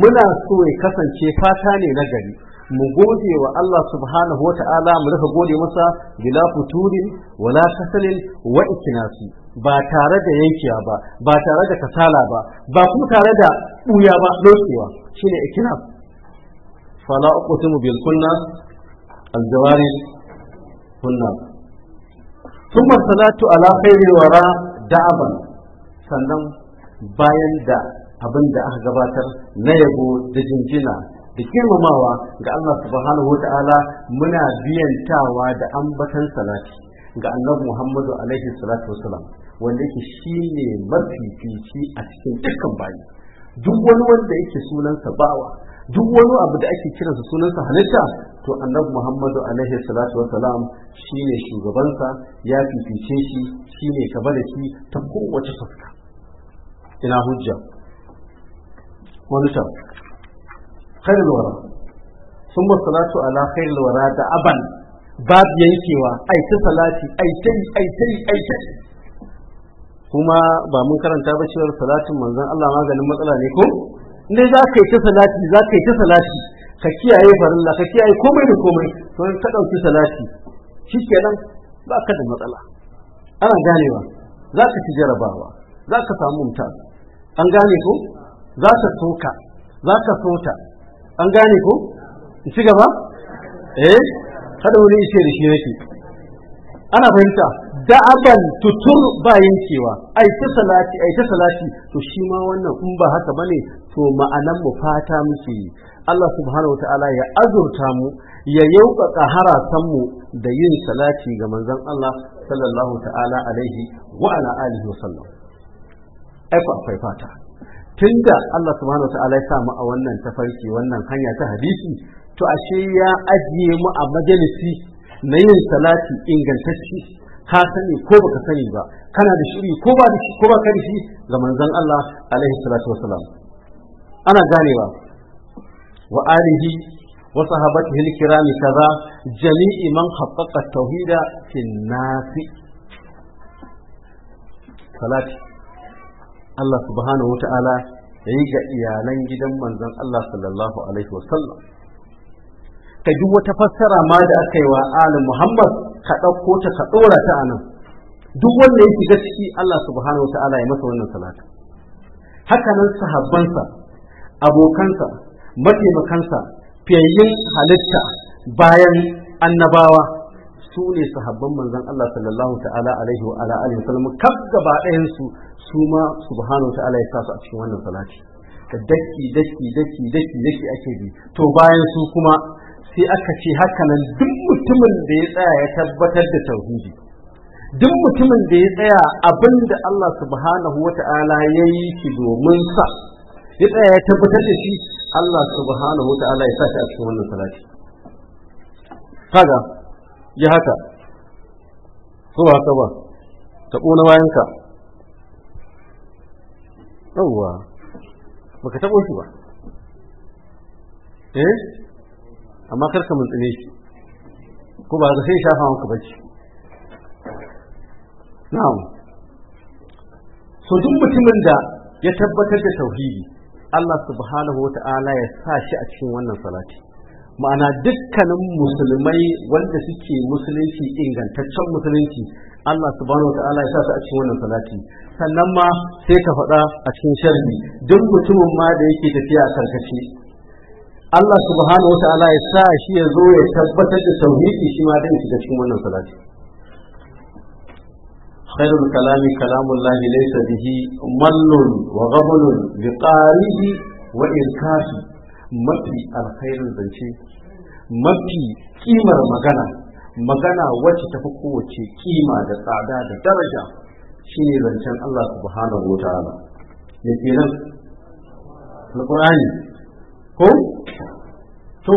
A: muna so ya kasance fata ne na gari mu gode wa Allah subhanahu wa ta'ala mu rika gode masa bila futuri wala kasalin wa ikinasi ba tare da yankiya ba ba tare da kasala ba ba kuma tare da buya ba dokewa shine ikinas fala uqsimu bil kunna al jawari kunna ثم الصلاة على خير الورى da'aban. sannan bayan da abin da aka gabatar na yabo da jinjina da girmamawa ga Allah subhanahu wata'ala muna biyantawa da ambatan salati ga annabi Muhammadu alaihi salatu wasalam wanda yake shine mafifici a cikin dukkan bayi duk wani wanda yake sunansa bawa duk wani abu da ake kiransa sunansa halitta to annabi Muhammadu alaihi salatu wasalam shine shugabansa ya fifice shi shine shi ta kowace fuska ina hujja wani tam khairul wara sun ba salatu ala khairul wara da aban babu yankewa ai ta salati ai ta ai ta ai ta kuma ba mun karanta ba cewar salatin manzon Allah maganin matsala ne ko dai za ka yi ta salati za ka yi ta salati ka kiyaye farilla ka kiyaye komai da komai to ka dauki salati shikenan ba ka da matsala ana ganewa za ka ci jarabawa za ka samu mutane an gane ko za ka soka za ka sota an gane ko in ci gaba eh kada wani ishe da shi yake ana fahimta da'aban tutur ba yankewa ai ta salati ai ta salati to shi ma wannan in ba haka bane to ma'anan mu fata muke yi Allah subhanahu wataala ya azurta mu ya yauƙaƙa harasan mu da yin salati ga manzon Allah sallallahu ta'ala alaihi wa ala alihi wa sallam aiko akwai fata tunda Allah subhanahu wa ta'ala ya sa mu a wannan tafarki wannan hanya ta hadisi to ashe ya ajiye mu a majalisi na yin salati ingantacci ka sani ko baka sani ba kana da shiri ko ba ko ba ka da shi ga manzon Allah alaihi salatu wasalam ana ganewa wa alihi wa sahabatihi alkiram kaza jami'i man haqqaqa tauhida fi nafi salati Allah subhanahu ta'ala ya yi ga iyalan gidan manzon Allah sallallahu alaihi wa sallam. ka duk wata fassara ma da aka yi wa alim Muhammad ka ɗauko ta ka ɗora ta a nan duk wanda ya shiga ciki Allah subhanahu ta'ala ya masa wannan salata haka nan sahabbansa abokansa mataimakansa fiyayyen halitta bayan annabawa su ne sahabban manzon Allah sallallahu ta'ala alaihi wa ala alihi wasallam kaf gaba ɗayan su su ma subhanahu ta'ala ya sa su a cikin wannan salati ka daki daki daki daki daki ake bi to bayan su kuma sai aka ce haka nan duk mutumin da ya tsaya ya tabbatar da tauhidi duk mutumin da ya tsaya abin da Allah subhanahu wa ta'ala ya yi shi domin sa ya tsaya ya tabbatar da shi Allah subhanahu wa ta'ala ya sa shi a cikin wannan salati kaga yi haka ko ba haka ba ta ƙona bayanka ba baka taɓo shi ba eh amma kar ka muntsine shi ko ba ka sai shafa maka bacci na'am so duk mutumin da ya tabbatar da tauhidi Allah subhanahu wa ta'ala ya sa shi a cikin wannan salati ma'ana dukkanin musulmai wanda suke musulunci ingantaccen musulunci Allah subhanahu wa ta'ala ya sa su a cikin wannan salati sannan ma sai ka faɗa a cikin sharri duk mutumin ma da yake tafiya a karkace Allah subhanahu wa ta'ala ya sa shi ya zo ya tabbatar da tauhidi shi ma din shiga cikin wannan salati خير الكلام كلام الله wa gabanin مل وغبن wa وإركاسه mafi alkhairin zance mafi kimar magana magana wacce ta fi kowace kima da tsada da daraja shine zancen Allah subhanahu wa ta'ala ya ke nan alƙur'ani ko to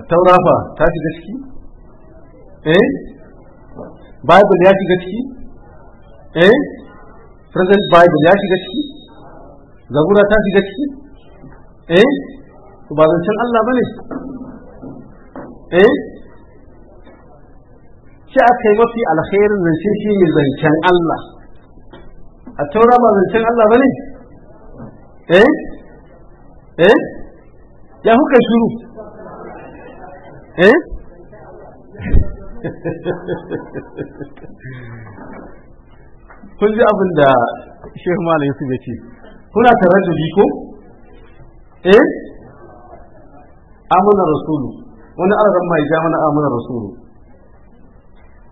A: a taurafa ta fi gaski? eh bible ya fi gaski? eh present bible ya fi gaski? zabura ta fi gaski? eh to ba zancen Allah bane eh shi aka yi mafi alkhairin zance shi ne zancen Allah a taura ba
C: zancen Allah bane eh eh ya kuka shiru eh
A: kun ji abin da shehu malam yusuf ya ce kuna tare da ko eh amana rasulu wani arzan mai ja mana amana rasulu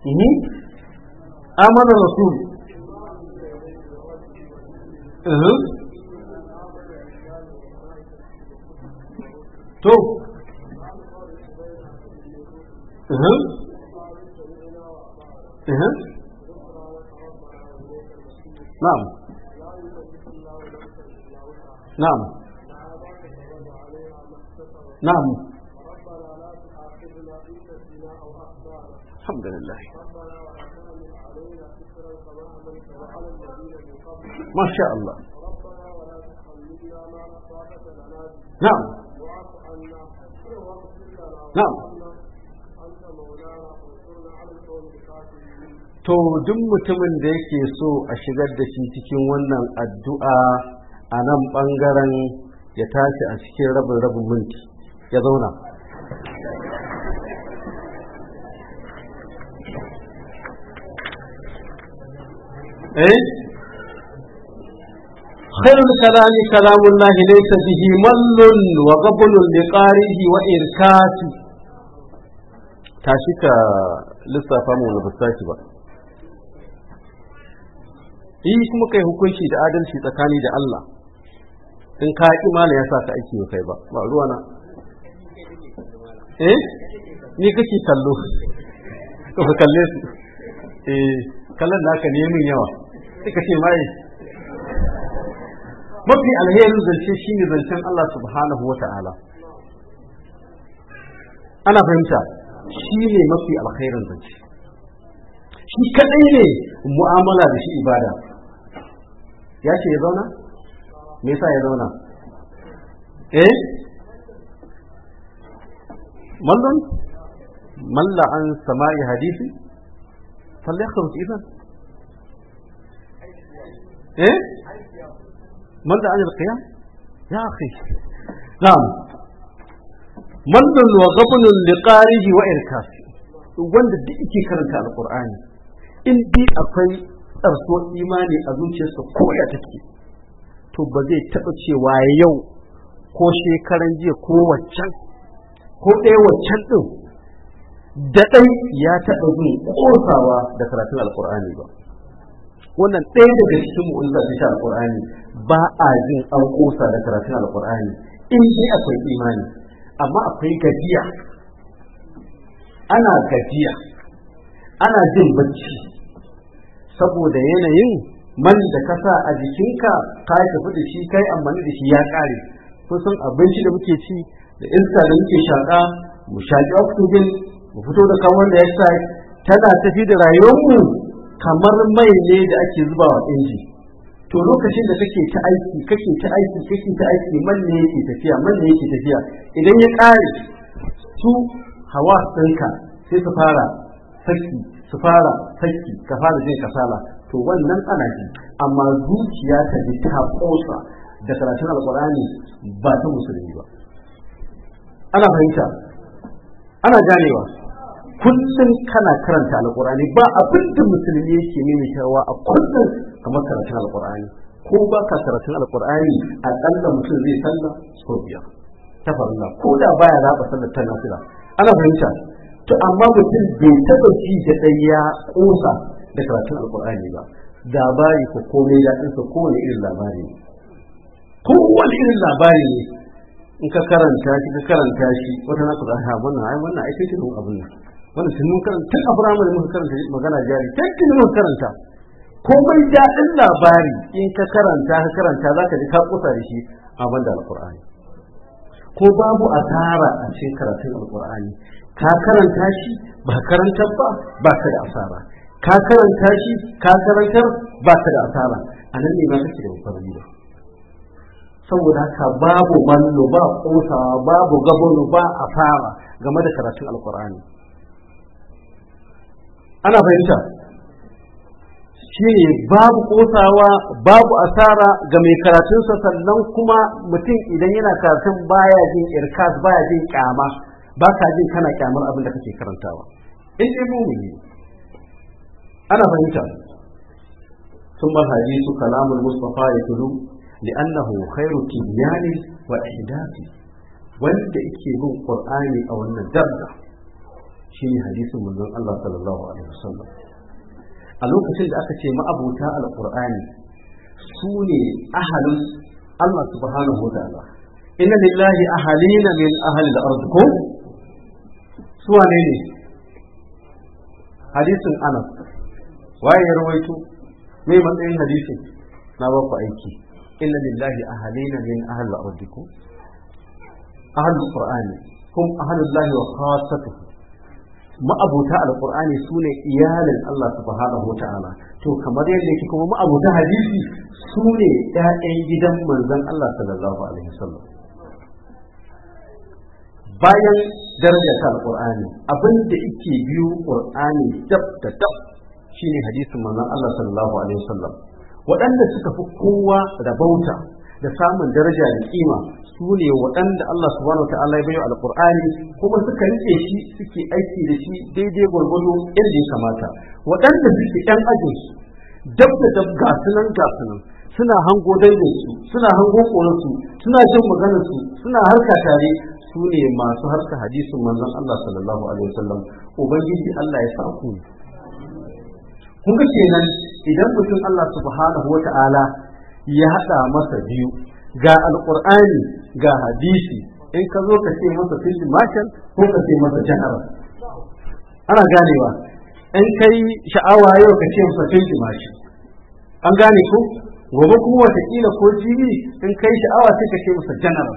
A: ini amana rasulu to نعم نعم نعم الحمد
C: لله ما شاء الله نعم نعم
A: to duk mutumin da yake so a shigar da shi cikin wannan addu'a a nan ɓangaren ya tashi a cikin rabin rabin minti Ya zauna eh? harin ta rani ta damun nahilai ta wa gabanin me wa iri kati. lissafa min na ba ta shi ba. Iyi kuma kai hukunci da adalci tsakani da Allah, in ka yi imanin ya sa ka aiki ya kai ba, ba'a ruwa na. eh ni kake kallo ka kalle su eh kallon naka ne min yawa sai ka ce mai
C: mafi alherin
A: zance shine zancen Allah subhanahu wata'ala ana fahimta shine mafi alherin zance shi kadai ne mu'amala da shi ibada ya ce ya zauna me yasa ya zauna eh mallon malla an sama'i hadisi falyakhruj idan eh malla an alqiyam ya akhi na'am mallon wa ghaflun liqarihi wa irkas wanda duk yake karanta alqur'ani in dai akwai tsarsuwar imani a zuciyarsa koya take to ba zai taɓa cewa yau ko shekaran jiya ko waccan ko ɗaya waccan ɗin daɗai ya taɓa bin ƙosawa da karatun alƙur'ani ba wannan ɗaya daga cikin mu'ulla da shi alƙur'ani ba a jin an ƙosa da karatun alƙur'ani in shi akwai imani amma akwai gajiya ana gajiya ana jin bacci saboda yanayin man da ka sa a jikinka ka yi tafi da shi kai amfani da shi ya ƙare kusan abinci da muke ci da iska da muke shaƙa mu shaƙi oxygen mu fito da carbon dioxide tana tafi da rayuwarmu kamar mai ne da ake zuba wa inji to lokacin da kake ta aiki kake ta aiki kake ta aiki man ne yake tafiya man ne yake tafiya idan ya ƙare su hawa ɗinka sai su fara saki su fara saki ka fara jin kasala to wannan ana ji amma zuciya ta ji ta kosa da karatun alƙur'ani ba ta musulmi ba ana fahimta ana ganewa kullum kana karanta alkur'ani ba abin da musulmi yake nemi shawa a kullum kamar karatun alkur'ani ko ba ka karatun alkur'ani aƙalla mutum zai sallah so biyar ta farilla ko da baya raba sallar ta nafila ana fahimta to amma mutum bai taɓa ci da ɗaya ya da karatun alkur'ani ba Da labari ko komai ya ɗinsa kowane irin labari ne kowane irin labari ne in ka karanta shi ka karanta shi wata na ku zaha wannan ai wannan ai kai tunan abun nan wannan sun mun karanta tun Abraham ne muka karanta magana jari tun tun mun karanta Ko mai daɗin labari in ka karanta ka karanta za ji ka kusa da shi a banda alƙur'ani ko babu asara a cikin karatun alƙur'ani ka karanta shi ba karantar ba ba ka da asara ka karanta shi ka karantar ba ka da asara a nan ne ba kake da babbar saboda haka babu mallo ba kosawa babu gabano ba a fara game da karatun alkur'ani ana fahimta shi ne babu kosawa babu asara ga mai karatunsa sannan kuma mutum idan yana karatun baya jin irkas baya jin kyama ba ka jin kana kyamar abin da kake karantawa in dai ne, ana fahimta sun bar su kalamul mustafa ya tulu li'annahu khairu tibyani wa ihdathi wanda yake bin qur'ani a wannan dabba shine hadisin manzon Allah sallallahu a lokacin da aka ce ma'abuta alqur'ani su ne ahalin Allah subhanahu wa ta'ala inna lillahi ahalina min ahli al-ard ko su wane ne hadisin Anas waye ya me matsayin hadisin na baku aiki inna lillahi ahalina min ahli ardikum ahli qur'ani hum ahlullahi wa khassatuhu ma'abuta alqur'ani sune iyalin Allah subhanahu ta'ala to kamar yadda yake kuma ma'abuta hadisi sune ƴaƴan gidan manzon Allah sallallahu alaihi wasallam bayan darajar alqur'ani abinda yake biyo Al-ƙur'ani dab da dab shine hadisin manzon Allah sallallahu alaihi wasallam waɗanda suka fi kowa da bauta da samun daraja da kima su ne waɗanda Allah subhanahu wa ta'ala ya bayo alqur'ani kuma suka rike shi suke aiki da shi daidai gwargwado inda ya kamata waɗanda suke ɗan ajin su dab da dab gasunan gasunan suna hango daidai su suna hango koran suna jin maganar su suna harka tare su ne masu harka hadisin manzon Allah sallallahu alaihi wasallam ubangiji Allah ya sa ku kuka kenan idan mutum Allah subhanahu wa ta'ala ya hada masa biyu ga alqur'ani ga hadisi in ka zo ka ce masa filin mashal ko ka ce masa jahara ana ganewa in kai sha'awa yau ka ce masa filin mashal an gane ku, gobe kuma watakila ko jibi e, in kai sha'awa sai ka ce masa jahara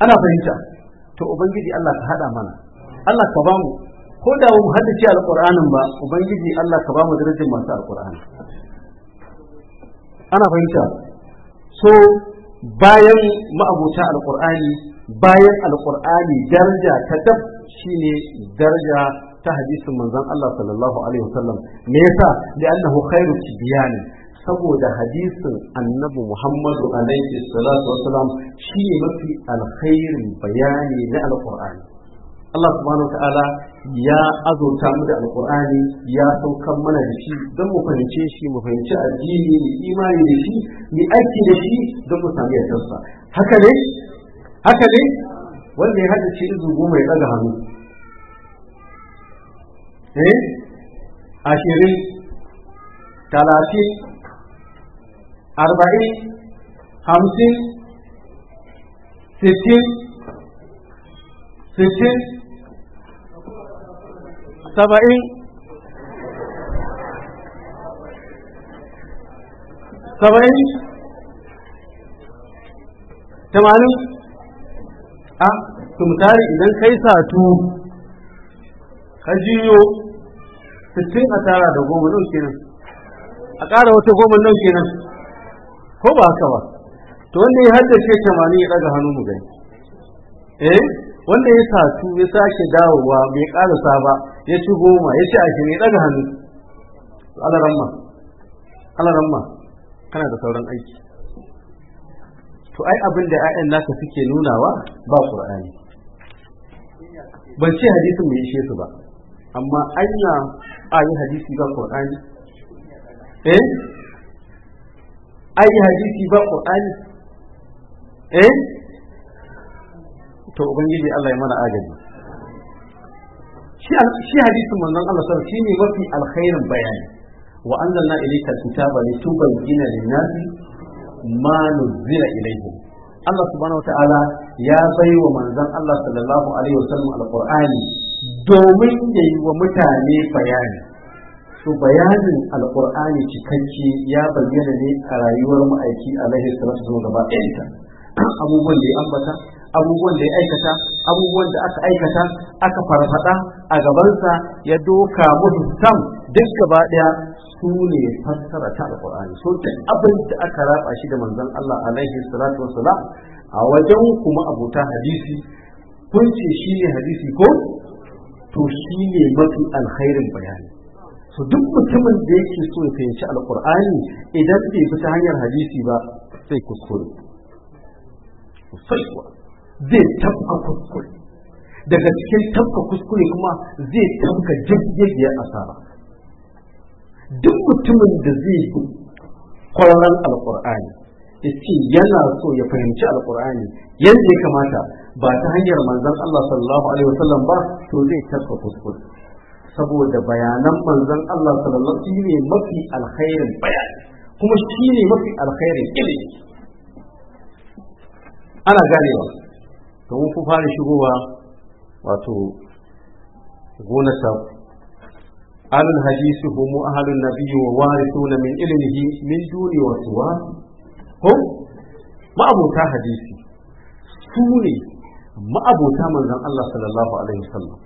A: ana fahimta to ubangiji Allah ka haɗa mana Allah ka bamu ko da ba mu haddace alqur'anin ba ubangiji Allah ka ba mu darajar masu alqur'ani ana fahimta so bayan ma'abuta alqur'ani bayan alqur'ani daraja ta dab shine daraja ta hadisin manzon Allah sallallahu alaihi wasallam me yasa da annahu khairu tibyani saboda hadisin annabi Muhammadu alaihi salatu wasallam shine mafi alkhairin bayani na alqur'ani Allah subhanahu wa ta'ala ya azurta mu da alqur'ani ya saukan mana da shi don mu fahimce shi mu fahimci addini mu imani da shi mu aiki da shi don mu sami yardarsa haka ne haka ne wanda ya hada cikin zugo mai daga hannu eh ashirin talatin arba'in hamsin sittin
C: sittin saba'in saba'in tamanin a
A: to misali idan kai satu ka jiyo sittin a da goma nan kenan a ƙara wata goma nan kenan ko ba haka ba to wanda ya haddace tamanin ya ɗaga hannu mu gani wanda ya satu ya sake dawowa bai karasa ba ya ci goma ya ci ake ya daga hannu alaramma alaramma kana da sauran aiki to ai abin da ƴaƴan naka suke nunawa ba qur'ani ban ce hadisin mai ishe su ba amma anya na ayi hadisi ba qur'ani eh Ayi hadisi ba qur'ani eh to ubangiji Allah ya mana agaji shi hadisin manzon Allah sai shine mafi alkhairin bayani wa anzalna ilayka kitaba litubayyana lin-nasi ma nuzila ilayhim Allah subhanahu wataala ya bai wa manzon Allah sallallahu alaihi wasallam alqur'ani domin ya yi wa mutane bayani su bayanin alqur'ani cikakke ya bayyana ne a rayuwar ma'aiki alaihi salatu gaba ɗaya abubuwan da ya ambata abubuwan da ya aikata abubuwan da aka aikata aka farfada a gabansa ya doka musu sam duk gaba daya su ne fassara ta alqur'ani so duk abin da aka raba shi da manzon Allah alaihi salatu wassalam a wajen kuma abota hadisi kun ce shi ne hadisi ko to shi ne mafi alkhairin bayani So, duk mutumin da yake so ya fahimci alkur'ani idan bai bi ta hanyar hadisi ba sai kuskure zai tafka kuskure daga cikin tafka kuskure kuma zai tafka jirgiyar asara duk mutumin da zai yi kwararren alkur'ani ya ce yana so ya fahimci alkur'ani yadda ya kamata ba ta hanyar manzan Allah sallallahu alaihi wasallam ba to zai tafka kuskure saboda bayanan manzan Allah sallallahu alaihi wasallam ne mafi alkhairin bayani kuma shi ne mafi alkhairin ilimi ana ganewa to mun ku fara shigowa wato gona ta alul hadisi hum ahlun nabiyyi wa warithuna min ilmihi min duni wa suwa ko ma'abota hadisi su ne ma'abota manzon Allah sallallahu alaihi wasallam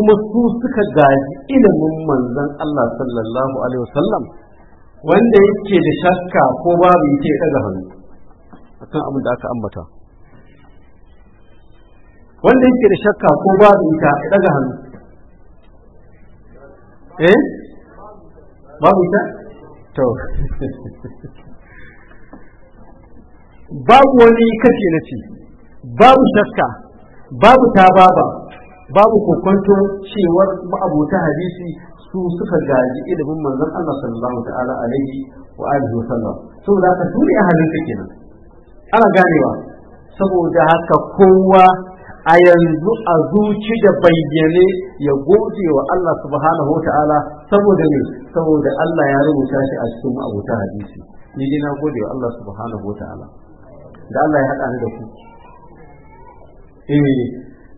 A: kuma su suka gaji ilimin manzon Allah sallallahu alaihi wasallam wanda yake da shakka ko babu yake daga hannu akan abin da aka ambata wanda yake da shakka ko babu ita ya daga hannu eh babu ita to babu wani kace na ce babu shakka babu tababa babu kokonto cewar ma'abota hadisi su suka gaji ilimin manzon Allah sallallahu ta'ala alaihi wa alihi wa sallam saboda ka turi a halin kenan ana ganewa saboda haka kowa a yanzu a zuci da bayyane ya gode wa Allah subhanahu wa ta'ala saboda ne saboda Allah ya rubuta shi a cikin abuta hadisi ni dai na gode wa Allah subhanahu wa ta'ala da Allah ya haɗa ni da ku eh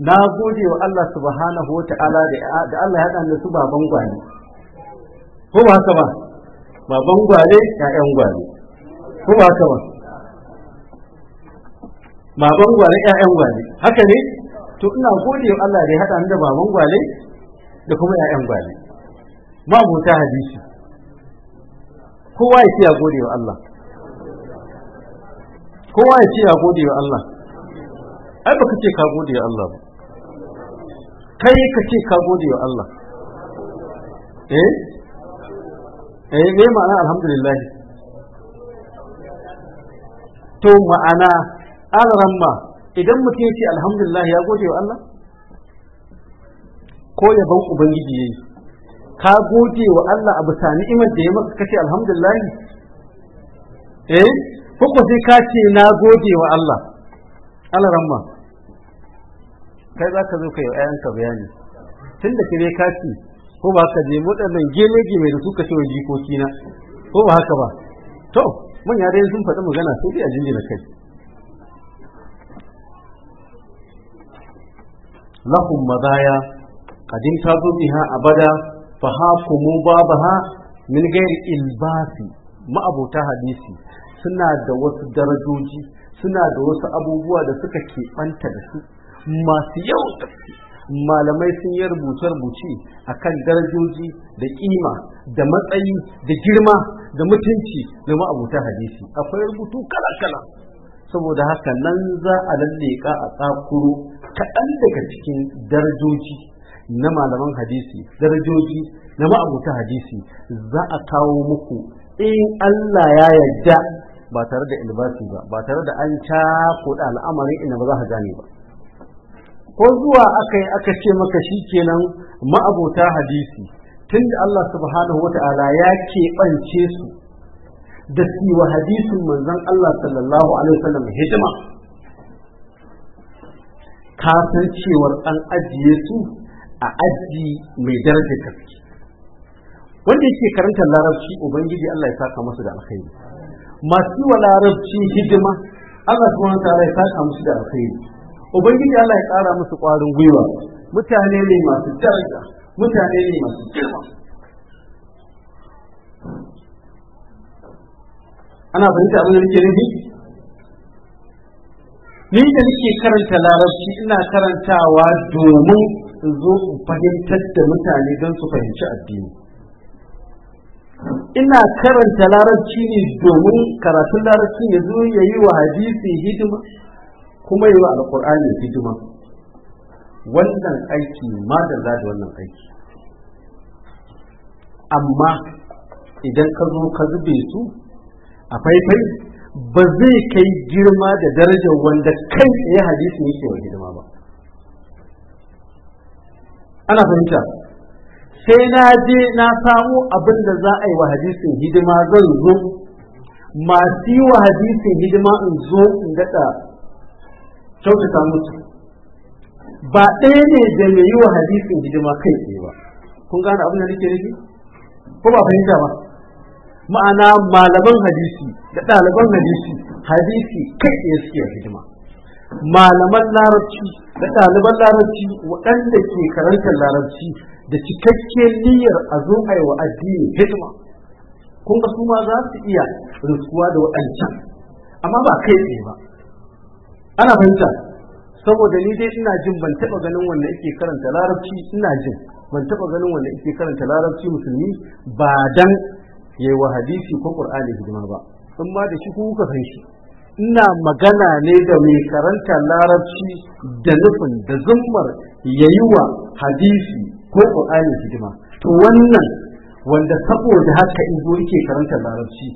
A: na gode wa Allah subhanahu wa ta'ala da Allah ya haɗa ni da su baban gwani ko ba haka ba baban gwale ƴaƴan gwale ko ba haka ba baban gwale ƴaƴan gwale haka ne to ina gode wa Allah da ya haɗa ni da baban gwale da kuma ƴaƴan gwale ba ta hadisi kowa ya ce ya gode wa Allah kowa ya ce ya gode wa Allah ai baka ce ka gode wa Allah ba kai ka ce ka gode wa Allah eh eh me ma'ana alhamdulillah to ma'ana alaramma idan mutum ya ce alhamdulillah ya gode wa Allah ko ya ban ubangiji yayi ka gode wa Allah a bisa ni'imar da ya maka kace alhamdulillah eh ko ko sai ka ce na gode wa Allah Allah ramma kai za ka zo ka yi ayanka bayani tun da kire ka ce ko ba ka je waɗannan gelege mai da su ka ce wa jikoki na ko ba haka ba to ya dai sun faɗi magana sai dai a jinjina kai lahum madaya kadin ta biha abada fa hakumu babaha min ghairi ilbasi ma'abota hadisi suna da wasu darajoji suna da wasu abubuwa da suka keɓanta da su masu yau, malamai sun yi rubuce-rubuce a kan darajoji da kima da matsayi da girma da mutunci da ma'abuta hadisi akwai rubutu kala-kala saboda haka nan za a lalleka a tsakuro kaɗan daga cikin darajoji na malaman hadisi darajoji na ma'abuta hadisi za a kawo muku in Allah ya yarda ba tare da ilbasi ba ba tare da an cakuɗa al'amarin ina ba za a gane ba ko zuwa aka yi aka ce maka shi kenan ma'abota hadisi da Allah subhanahu ta'ala ya keɓance su da siwa hadisin manzon Allah sallallahu alaihi wasallam hidima ka san cewar an ajiye su a aji mai darajar gaske wanda yake karanta larabci ubangiji Allah ya saka masa da alkhairi masu wa larabci hidima Allah kuma ta ya saka musu da alkhairi ubangiji Allah ya kara musu kwarin gwiwa mutane ne masu daraja mutane ne masu girma ana fahimta abin da nake nufi ni da nake karanta larabci ina karantawa domin in zo in fahimtar da mutane don su fahimci addini ina karanta larabci ne domin karatun larabci ya zo ya yi wa hadisi hidima kuma yi wa alkur'ani hidima wannan aiki za da wannan aiki amma idan ka zo ka zube su a faifai ba zai kai girma da darajar wanda kai tsaye hadisi yake wa hidima ba ana fahimta sai na je na samu abin da za a yi wa hadisin hidima zan zo masu yi wa hadisin hidima in zo in daɗa kyautata mutu. ba ɗaya ne da mai yi wa hadisin hidima kai tsaye ba kun gane abin da nake nufi ko ba fahimta ba ma'ana malaman hadisi da ɗaliban hadisi hadisi kai ya suke hidima malaman larabci da ɗaliban larabci waɗanda ke karantar larabci da cikakken niyyar a zo a yi wa addini hidima kun ga su ma za su iya rikuwa da waɗancan amma ba kai tsaye ba ana fahimta saboda ni dai ina jin ban taɓa ganin wanda yake karanta larabci ina jin ban taɓa ganin wanda yake karanta larabci musulmi ba dan yayi wa hadisi ko qur'ani hidima ba in ma da shi kuka san shi ina magana ne da mai karanta larabci da nufin da zummar yayi wa hadisi ko qur'ani hidima to wannan wanda saboda haka in zo yake karanta larabci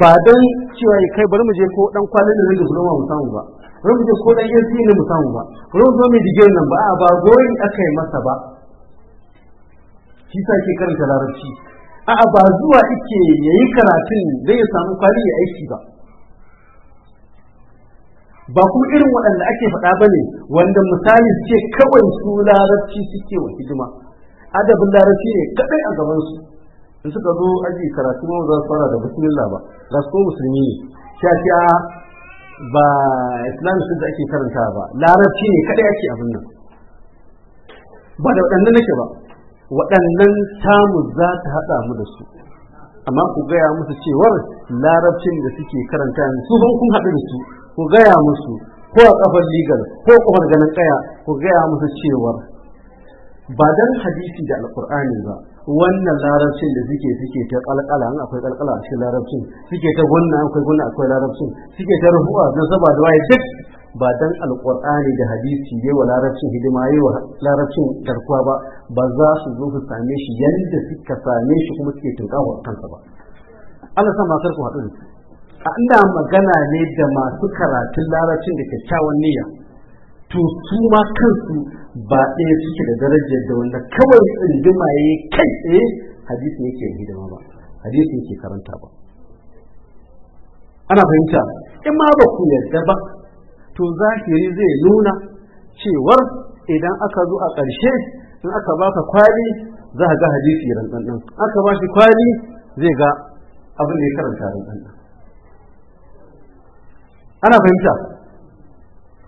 A: ba don cewa kai bari mu je ko dan kwalin da kuma mu samu ba bari da ko dan yanci ne mu samu ba bari mu zo mu digir nan ba a ba goyi aka yi masa ba shi sa ke karanta larabci a'a ba zuwa ike ya yi karatun zai samu kwari ya aiki ba ba kuma irin waɗanda ake faɗa ba ne wanda misali suke kawai su larabci suke wa hidima adabin larabci ne kaɗai a gabansu in suka zo aji karatu ma za su fara da bismillah ba za su musulmi ne shafiya ba islam sun da ake karanta ba larabci ne kaɗai ake abin nan ba da waɗanda nake ba waɗannan tamu za ta haɗa mu da su amma ku gaya musu cewar larabcin da suke karanta su ban kun haɗu da su ku gaya musu ko a kafar legal ko kafar ganin kaya ku gaya musu cewar ba dan hadisi da alkur'ani ba wannan larabcin da suke suke ta kalkala an akwai kalkala a cikin larabcin suke ta gunna akwai gunna akwai larabcin suke ta rufu'a don da waye duk ba dan alqur'ani da hadisi yayi wa larabcin hidima wa larabcin garkuwa ba ba za su zo su same shi yanda suka same shi kuma suke tunkawa kansa ba Allah sa masar ku haɗu A ina magana ne da masu karatun larabcin da kyakkyawan niyya to su ma kansu ba ɗaya suke da darajar da wanda kawai tsinduma ya kai tsaye hadisi yake hidima ba hadisi yake karanta ba ana fahimta in ma ba ku yarda ba to zahiri zai nuna cewar idan aka zo a ƙarshe in aka baka kwali za a ga hadisi rantsannan aka ba shi kwali zai ga abin da ya karanta rantsannan ana fahimta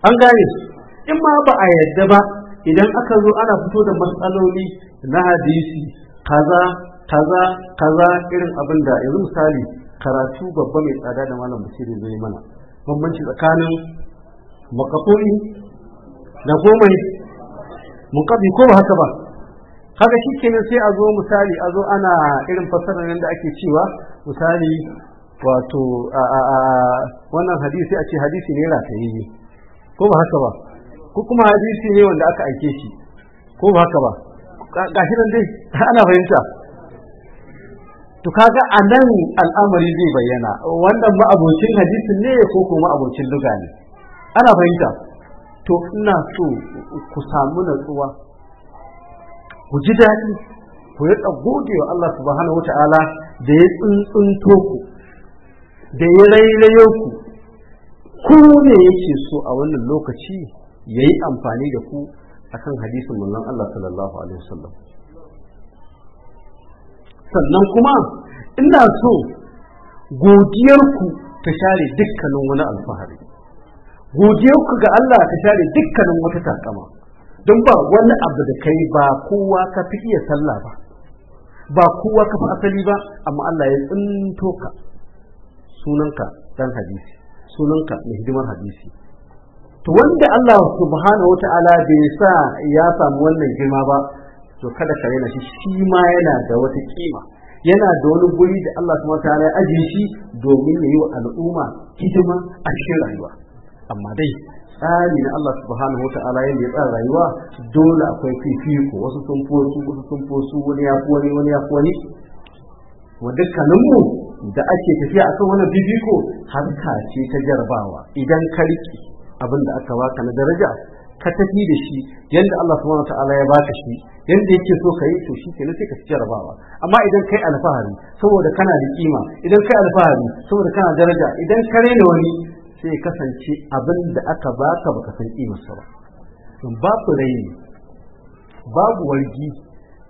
A: an gane in ma ba a yadda ba idan aka zo ana fito da matsaloli na hadisi kaza kaza kaza irin abin da yanzu misali karatu babba mai tsada da malam musiri zai mana bambanci tsakanin makatoi da goma munkabi ko ba haka ba haka shi kenan sai a zo misali a zo ana irin fassarar nan da ake cewa misali wato wannan hadisi a ce hadisi ne yi ko ba haka ba ko kuma hadisi ne wanda aka aike shi ko ba haka ba gashi nan dai ana fahimta to kaga a nan al'amari zai bayyana wannan ma'abocin hadisin ne ko kuma ma'abocin duga ne ana fahimta to ina so ku samu natsuwa ku ji daɗi ku yi gode wa Allah subhanahu wata'ala da ya tsuntsunto ku da ya rairayo ku ku me yake so a wannan lokaci ya yi amfani da ku akan hadisin manzon Allah sallallahu alaihi wasallam sannan kuma ina so godiyarku ta share dukkanin wani alfahari godiya ku ga Allah ta share dukkanin wata takama don ba wani abu da kai ba kowa ka fi iya sallah ba ba kowa ka fi asali ba amma Allah ya tsinto ka sunanka dan hadisi sunanka mai hidimar hadisi to wanda Allah subhanahu wata'ala bai sa ya samu wannan girma ba to kada ka raina shi shi ma yana da wata kima yana da wani guri da Allah subhanahu wata'ala ya ajiye shi domin ya yi wa al'umma hidima a cikin rayuwa amma dai tsari na Allah subhanahu wa ta'ala yadda ya tsara rayuwa dole akwai fifiko wasu sun fi wasu sun fi wani ya fi wani wani ya fi wani wa dukkaninmu da ake tafiya a akan wani fifiko harka ce ta jarabawa idan ka riƙe abin da aka baka na daraja ka tafi da shi yadda Allah subhanahu ta'ala ya baka shi yadda yake so ka yi to shi ke sai ka ci jarabawa amma idan kai alfahari saboda kana da kima idan kai alfahari saboda kana daraja idan ka rena wani sai kasance abin da aka baka baka san kimarsa ba babu raini babu wargi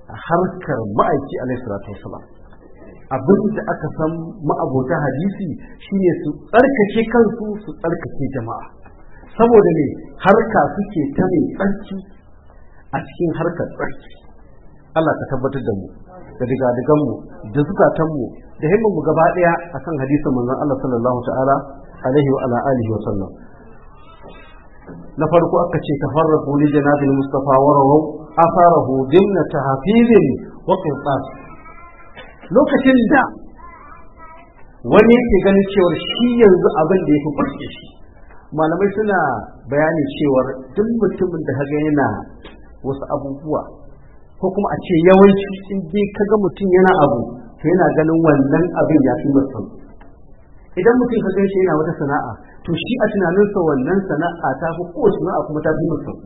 A: a harkar ma'aiki alaihi salatu wasalam abin da aka san ma'abota hadisi shine su tsarkake kansu su tsarkake jama'a saboda ne harka suke ta mai tsarki a cikin harkar tsarki Allah ka tabbatar da mu da diga mu da zukatanmu da himmanmu mu gaba daya akan hadisin manzon Allah sallallahu ta'ala alaihi wa alihi wa sallam na farko aka ce tafarraqu li janabil mustafa wa rawaw atharahu dimna tahfizin wa qirtas lokacin da wani ke ganin cewar shi yanzu abin da yafi farke shi malamai suna bayani cewar duk mutumin da kaga yana wasu abubuwa ko kuma a ce yawanci in dai kaga mutum yana abu to yana ganin wannan abin ya fi musamman
C: idan mutum ka ganshi yana
A: wata sana'a to shi a tunaninsa wannan sana'a ta fi ko sana'a kuma ta fi mutum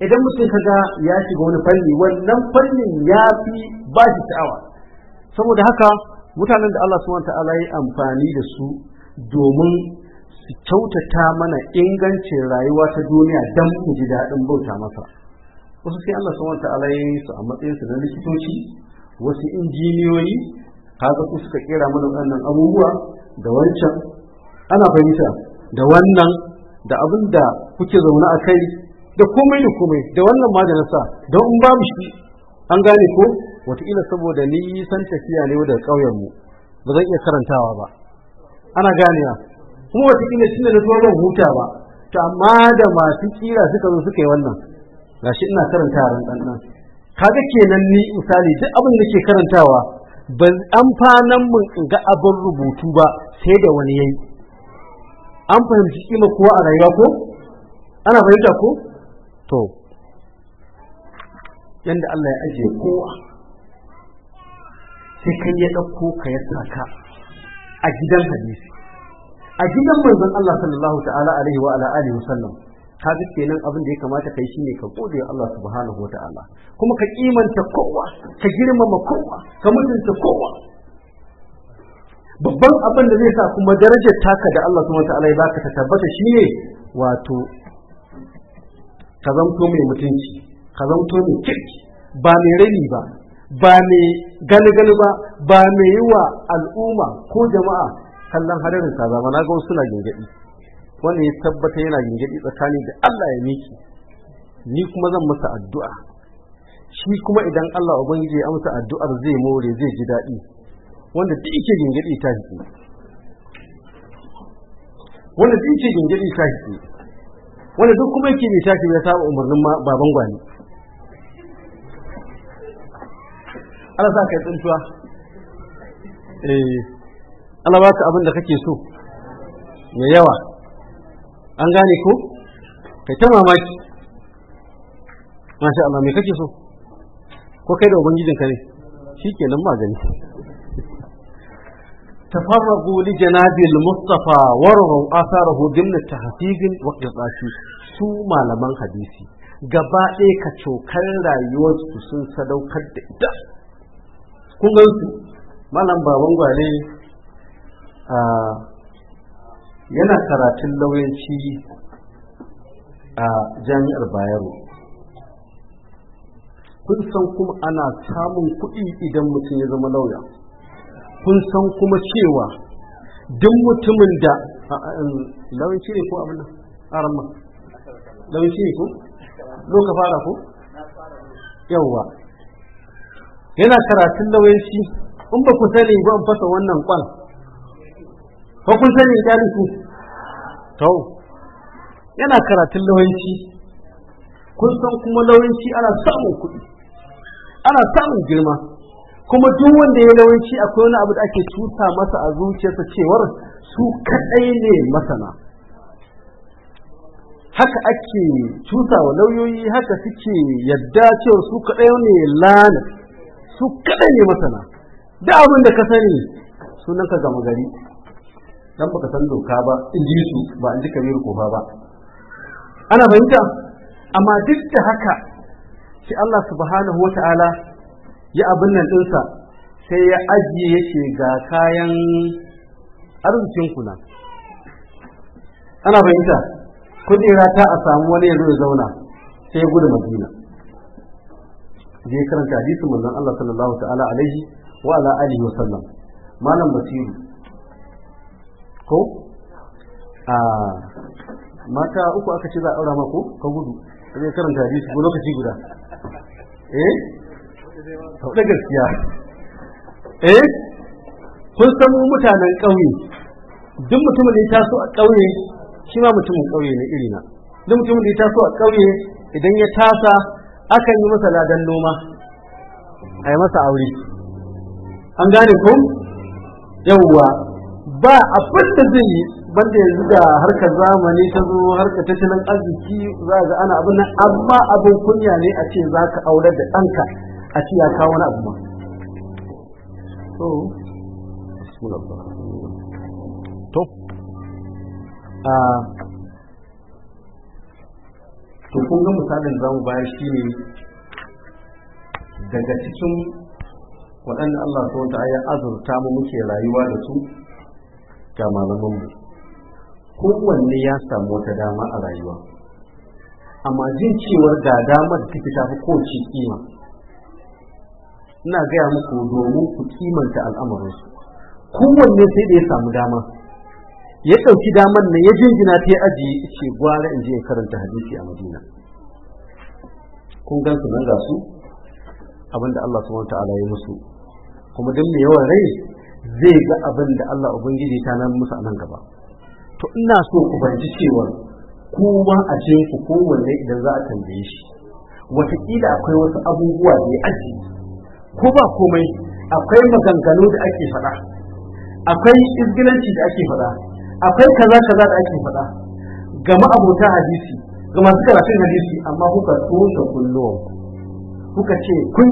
A: idan mutum ka ga ya shiga wani fanni wannan fannin ya fi ba shi sha'awa saboda haka mutanen da Allah subhanahu ta'ala ya amfani da su domin su kyautata mana ingancin rayuwa ta duniya don mu ji daɗin bauta masa wasu sai Allah subhanahu ta'ala yi su a matsayin su na likitoci wasu injiniyoyi kaga su suka kera mana waɗannan abubuwa da wancan ana fahimta da wannan da abin da kuke zaune a kai da komai da komai da wannan ma da na sa don in mu shi an gane ko wataƙila saboda ni san tafiya ne daga ƙauyenmu ba zan iya karantawa ba ana ganewa kuma wataƙila shi da zuwa zan huta ba ta amma da masu kira suka zo suka yi wannan gashi ina karantawa ran ɗan kaga kenan ni misali duk abin da ke karantawa ban amfanan mun in ga abin rubutu ba sai da wani yayi an fahimci kima kowa a rayuwa ko ana fahimta ko to yanda Allah ya ajiye kowa sai kan ya ɗauko ka ya saka a gidan hadisi a gidan manzon Allah sallallahu ta'ala alaihi wa ala alihi wa sallam ka ga kenan abin da ya kamata kai shine ka gode Allah subhanahu wataala kuma ka kimanta kowa ka girmama kowa ka mutunta kowa babban abin da zai sa kuma darajar taka da Allah subhanahu wataala ya baka ta tabbata shine wato ka mai mutunci ka zanto mai kirki ba mai rani ba ba mai galgal ba ba mai yi wa al'umma ko jama'a kallon hadarin kaza ba na ga wasu na gingaɗi wanda ya tabbata yana gingiri tsakani da Allah ya miki ni kuma zan masa addu'a shi kuma idan Allah ubangiji ya amsa addu'ar zai more zai ji daɗi wanda duk yake gingiri ta shi wanda duk yake gingiri ta shi wanda duk kuma yake ta tashi ya saba umarnin baban gwani Allah sa kai tsuntuwa eh Allah baka abin da kake so mai yawa an gane ko kai ta mamaki masha Allah me kake so ko kai da ubangijinka ne nan magani تفرغوا لجناب المصطفى ورغوا آثاره ضمن التحقيق والقطاش su malaman hadisi gaba ɗaya ka cokar rayuwarsu sun sadaukar da ita kun gansu malam baban gwale ah, yana karatun lauyanci a jami'ar bayero kun san kuma ana samun kuɗi idan mutum ya zama lauya kun san kuma cewa duk mutumin da um, lauyanci ne ko abin nan aramma lauyanci ne ko loka fara ko yawwa yana karatun lauyanci in ba ku sani ba in fasa wannan kwan ko kun sani ya su to yana karatun lawanci kun san kuma lawanci ana samun kuɗi ana samun girma kuma duk wanda ya lawanci akwai wani abu da ake cuta masa a zuciyarsa cewar su kaɗai ne masana haka ake cusa wa lauyoyi haka suke yadda cewa su kaɗai ne lana su kaɗai ne masana da abin da ka sani sunanka gama gari dan baka san doka ba in ji su ba in ji kabiru kofa ba ana fahimta amma duk da haka shi Allah subhanahu Ta'ala ya abin nan dinsa sai ya ajiye yake ga kayan arzikin kuna ana fahimta kudera ta a samu wani yanzu ya zauna sai ya gudu madina je karanta hadisin manzon Allah sallallahu ta'ala alaihi wa ala alihi wa sallam malam basiru ko a mata uku aka ce za a aura mako ko ka gudu zai karanta biyu su lokaci guda
C: eh sau da
A: gaskiya eh kun san mutanen ƙauye duk mutumin da ya taso a ƙauye shi ma mutumin ƙauye ne irina duk mutumin da ya taso a ƙauye idan ya tasa akan yi masa ladan noma a yi masa aure an gane ko yawwa ba a da zai yi banda yanzu da harkar zamani ta zo harkar tattalin arziki za ga ana abin nan amma abin kunya ne a ce za ka aure da ɗanka a ce kawo wani abu ma to to kun ga misalin za mu bayar shi ne daga cikin waɗanda Allah ta wata ya azurta mu muke rayuwa da su ga malamanmu kowanne ya samu wata dama a rayuwa amma jin cewar ga damar da take tafi kowace kima ina gaya muku domin ku kimanta al'amarinsu kowanne sai da ya samu dama ya ɗauki damar na ya jingina ta ya ajiye ce gwara in je ya karanta hadisi a madina kun gan su nan ga su abinda Allah subhanahu wa ta'ala ya musu kuma duk mai yawan rai zai ga abin da Allah ubangiji ta nan musu a nan gaba to ina so ku banci cewa kuma a cikin ku kowanne idan za a tambaye shi wataƙila akwai wasu abubuwa da ya aji ko ba komai akwai maganganu da ake faɗa akwai izgilanci da ake faɗa akwai kaza kaza da ake faɗa ga abota hadisi ga masu karatun hadisi amma kuka toshe kullum kuka ce kun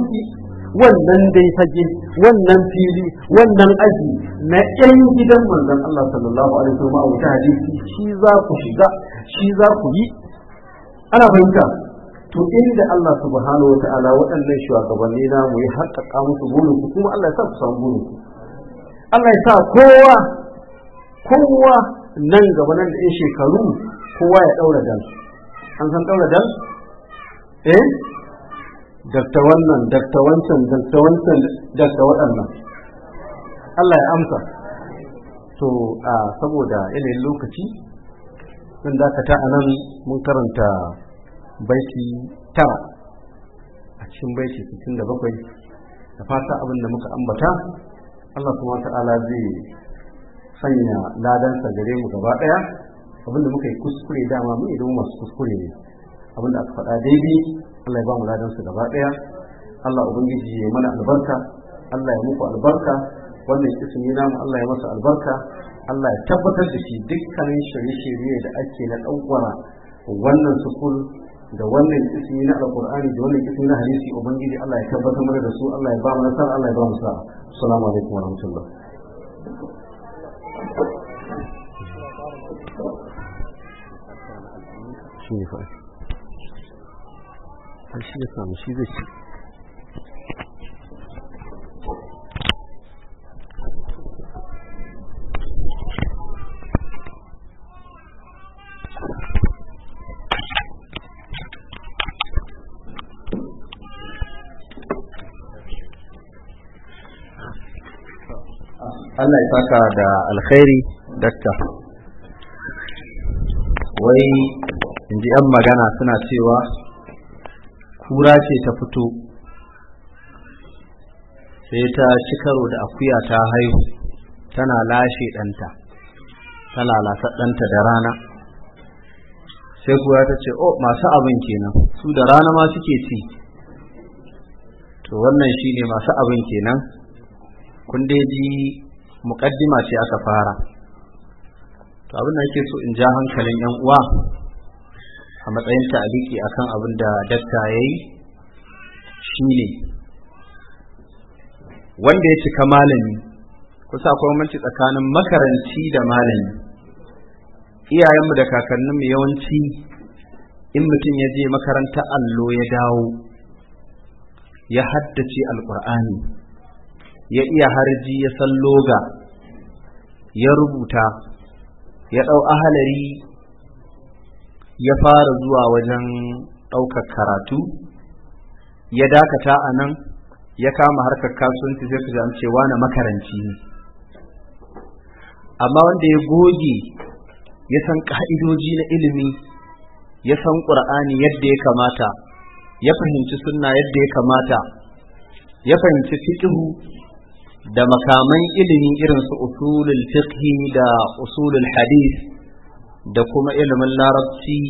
A: wannan dai fage wannan fili wannan aji na ƴan gidan manzon Allah sallallahu alaihi wasallam a hadisi shi za ku shiga shi za ku yi ana fahimta to inda Allah subhanahu wata'ala waɗannan shugabanni na mu yi haƙaƙa musu burin ku kuma Allah ya sa ku samu burin ku Allah ya sa kowa kowa nan gaba nan da ƴan shekaru kowa ya ɗaura dal an san ɗaura dal eh dakta wannan dakta wancan dakta wancan dakta waɗannan Allah ya amsa to a saboda yanayin lokaci zan dakata a nan mun karanta baiti tara a cikin baiti sittin da bakwai da fata abin da muka ambata Allah kuma ala zai sanya ladansa gare mu gaba ɗaya abin da muka yi kuskure dama mu idan masu kuskure ne abin da aka faɗa daidai Allah ya ba mu ladan su gaba daya Allah ubangiji ya mana albarka Allah ya muku albarka wannan ismi mu Allah ya masa albarka Allah ya tabbatar da shi dukkanin shirye-shirye da ake na ɗaukwana wannan sukul da wannan ismi na alqur'ani da wannan ismi na hadisi ubangiji Allah ya tabbatar mana da su Allah ya ba mu nasara Allah ya ba mu sa'a assalamu alaikum wa rahmatullah Thank you. الحيطة ماشي بس Allah ya saka da alkhairi dakta wai in ji 'yan magana suna cewa kura ce ta fito sai ta cikaro da akuya ta haihu tana lashe ɗanta tana lasa ɗanta da rana sai kura ta ce oh masu abin kenan su da rana ma suke ci to wannan shine masu abin kenan kun dai ji muƙaddima ce aka fara to abin da yake so in ja hankalin 'yan uwa a matsayin ta'aliki akan abin da dakta ya yi shine wanda ya cika malami kusa akwai bambanci tsakanin makaranci da malami iyayenmu da kakanninmu yawanci in mutum ya je makaranta allo ya dawo ya haddace alkur'ani ya iya harji ya san loga ya rubuta ya ɗau ahalari ya fara zuwa wajen ɗaukar karatu ya dakata a nan ya kama harkar kasuwanci sai su cewa na makaranci ne amma wanda ya goge ya san ka'idoji na ilimi ya san ƙur'ani yadda ya kamata ya fahimci sunna yadda ya kamata ya fahimci fiqhu da makaman ilimi irin su usulul fiqhi da usulul hadith da kuma ilimin larabci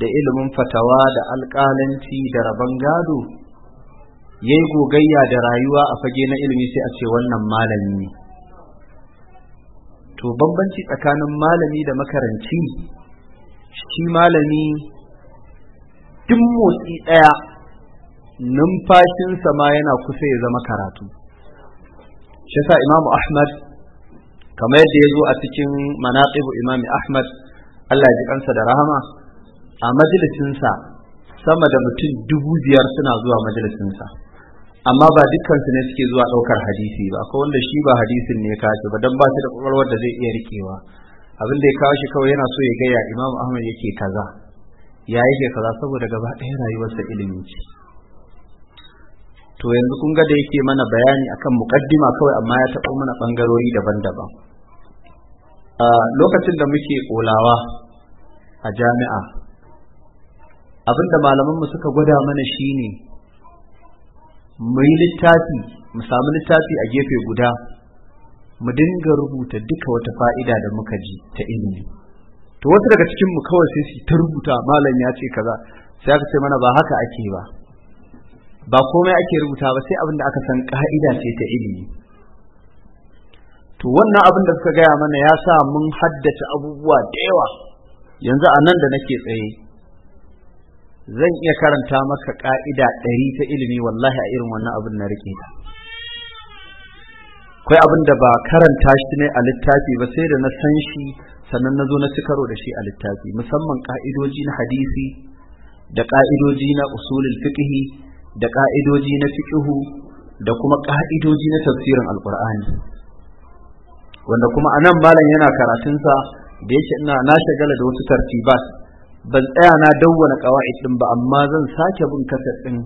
A: da ilimin fatawa da alƙalanci da rabon gado ya yi gogayya da rayuwa a fage na ilimi sai a ce wannan malami ne to bambanci tsakanin malami da makaranci shi malami duk motsi ɗaya numfashinsa ma yana kusa ya zama karatu shi sa imamu ahmad kamar yadda ya zo a cikin manaƙibu imami ahmad Allah ji kansa da rahama a majalisinsa sama da mutum dubu biyar suna zuwa majalisinsa amma ba dukkansu ne suke zuwa ɗaukar hadisi
B: ba ko wanda shi ba hadisin ne kashi ba dan ba shi da ƙwaƙwalwar da zai iya rikewa abin da ya kawo shi kawai yana so ya gaya imam ahmad yake kaza ya yake kaza saboda gaba ɗaya rayuwarsa
A: ilimi ce to yanzu kun ga da yake mana bayani akan muƙaddima kawai amma ya taɓo mana ɓangarori daban-daban a lokacin da muke kolawa a jami'a abinda malamanmu suka gwada mana shine mu yi littafi mu samu littafi a gefe guda mu dinga rubuta duka wata fa'ida da muka ji ta ilimi to wasu daga cikin mu kawai sai su ta rubuta malam ya ce kaza sai aka ce mana ba haka ake ba ba komai ake rubuta ba sai abin da aka san ka'ida ce ta ilimi to wannan abin da suka gaya mana ya sa mun haddace abubuwa da yawa yanzu a nan da nake tsaye zan iya karanta maka ka'ida ɗari ta ilimi wallahi a irin wannan abin na rike ta akwai abin da ba karanta shi ne a littafi ba sai da na san shi sannan na zo na ci karo da shi a littafi musamman ka'idoji na hadisi da ka'idoji na usulul fiqhi da ka'idoji na fiqhu da kuma ka'idoji na tafsirin alqur'ani wanda kuma anan malam yana karatun sa da yake ina na shagala da wasu tartibat ban tsaya na dawwana qawaid din ba amma zan sake bin kasar din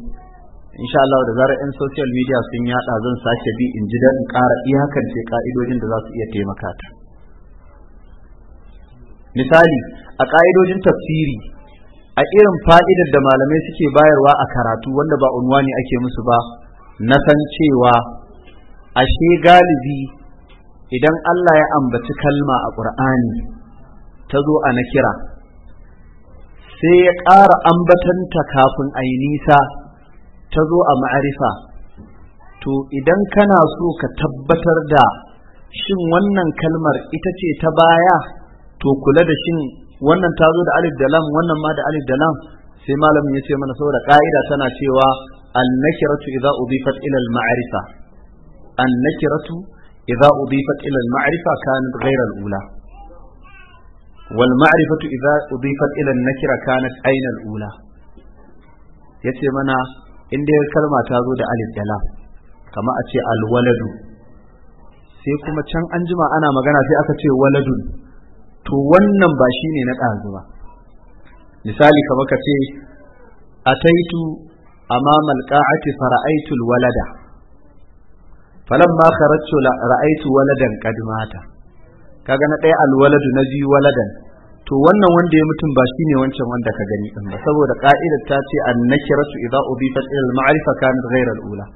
A: insha Allah da zarar yan social media sun yada zan sake bi in ji dan ƙara ce ka'idojin da za su iya taimaka ta misali a ka'idojin tafsiri a irin fa'idar da malamai suke bayarwa a karatu wanda ba unwani ake musu ba na san cewa ashe galibi idan Allah ya ambaci kalma a ƙur'ani ta zo a na sai ya ƙara ambatanta kafin a yi nisa ta zo a ma'arifa to idan kana so ka tabbatar da shin wannan kalmar ita ce ta baya to kula da shin wannan ta zo da alif da lam wannan ma da alif da lam sai malamin ya ce mana saboda ka'ida tana cewa annakiratu idza udifat ila al-ma'rifa annakiratu idza udifat ila al-ma'rifa kanat ula wal ma'rifatu idza udifat ila an-nakira kanat ayna al-ula yace mana inda kalma ta zo da alif da lam kamar a ce al sai kuma can anjima ana magana sai aka ce waladun to wannan ba shi ne na ɗazu ba misali kamar ka ce ataitu amamal qa'ati fara'aitul walada falamma kharajtu ra'aitu waladan qad mata kaga na ɗaya alwaladu na biyu waladan to wannan wanda ya mutum ba shine wancan wanda ka gani din ba saboda ka'ida ta ce annakiratu idza udifat ila al-ma'rifa kanat ghayra al-ula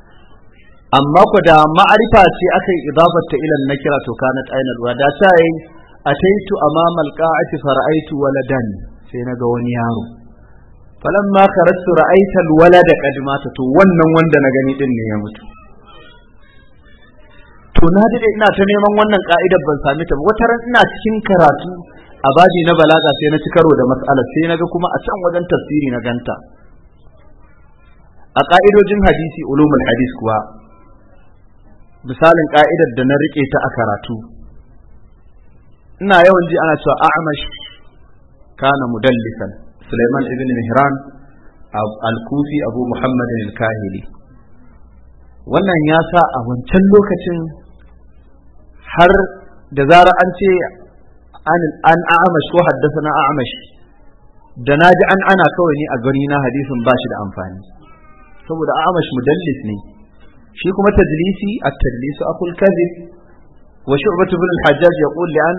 A: amma ku da ma'arifa ce aka yi ilan ila nakira to kanat ayna al-ula da ta yi ataitu amama al-qa'ati fara'aitu waladan sai naga wani yaro falamma kharajtu ra'aita al-walada qad mata to wannan wanda na gani din ne ya mutu to na dade ina ta neman wannan ka'idar ban sami ta ba wata ran ina cikin karatu a baji na balaga sai na ci karo da mas'ala sai na ga kuma a can wajen tafsiri na ganta a ka'idojin hadisi ulumul hadis kuwa misalin ka'idar da na rike ta a karatu ina yawan ji ana cewa a'mash kana mudallisan Sulaiman ibn Mihran al-Kufi Abu Muhammad al-Kahili wannan ya sa a wancan lokacin har da zara an ce an a'amash ko haddasa na a'amash da na ji an ana kawai ne a gani na hadisin ba shi da amfani saboda a'amash mudallis ne shi kuma tadlisi a tadlisu a kadhib wa shu'batu ibn al-hajjaj yaqul li an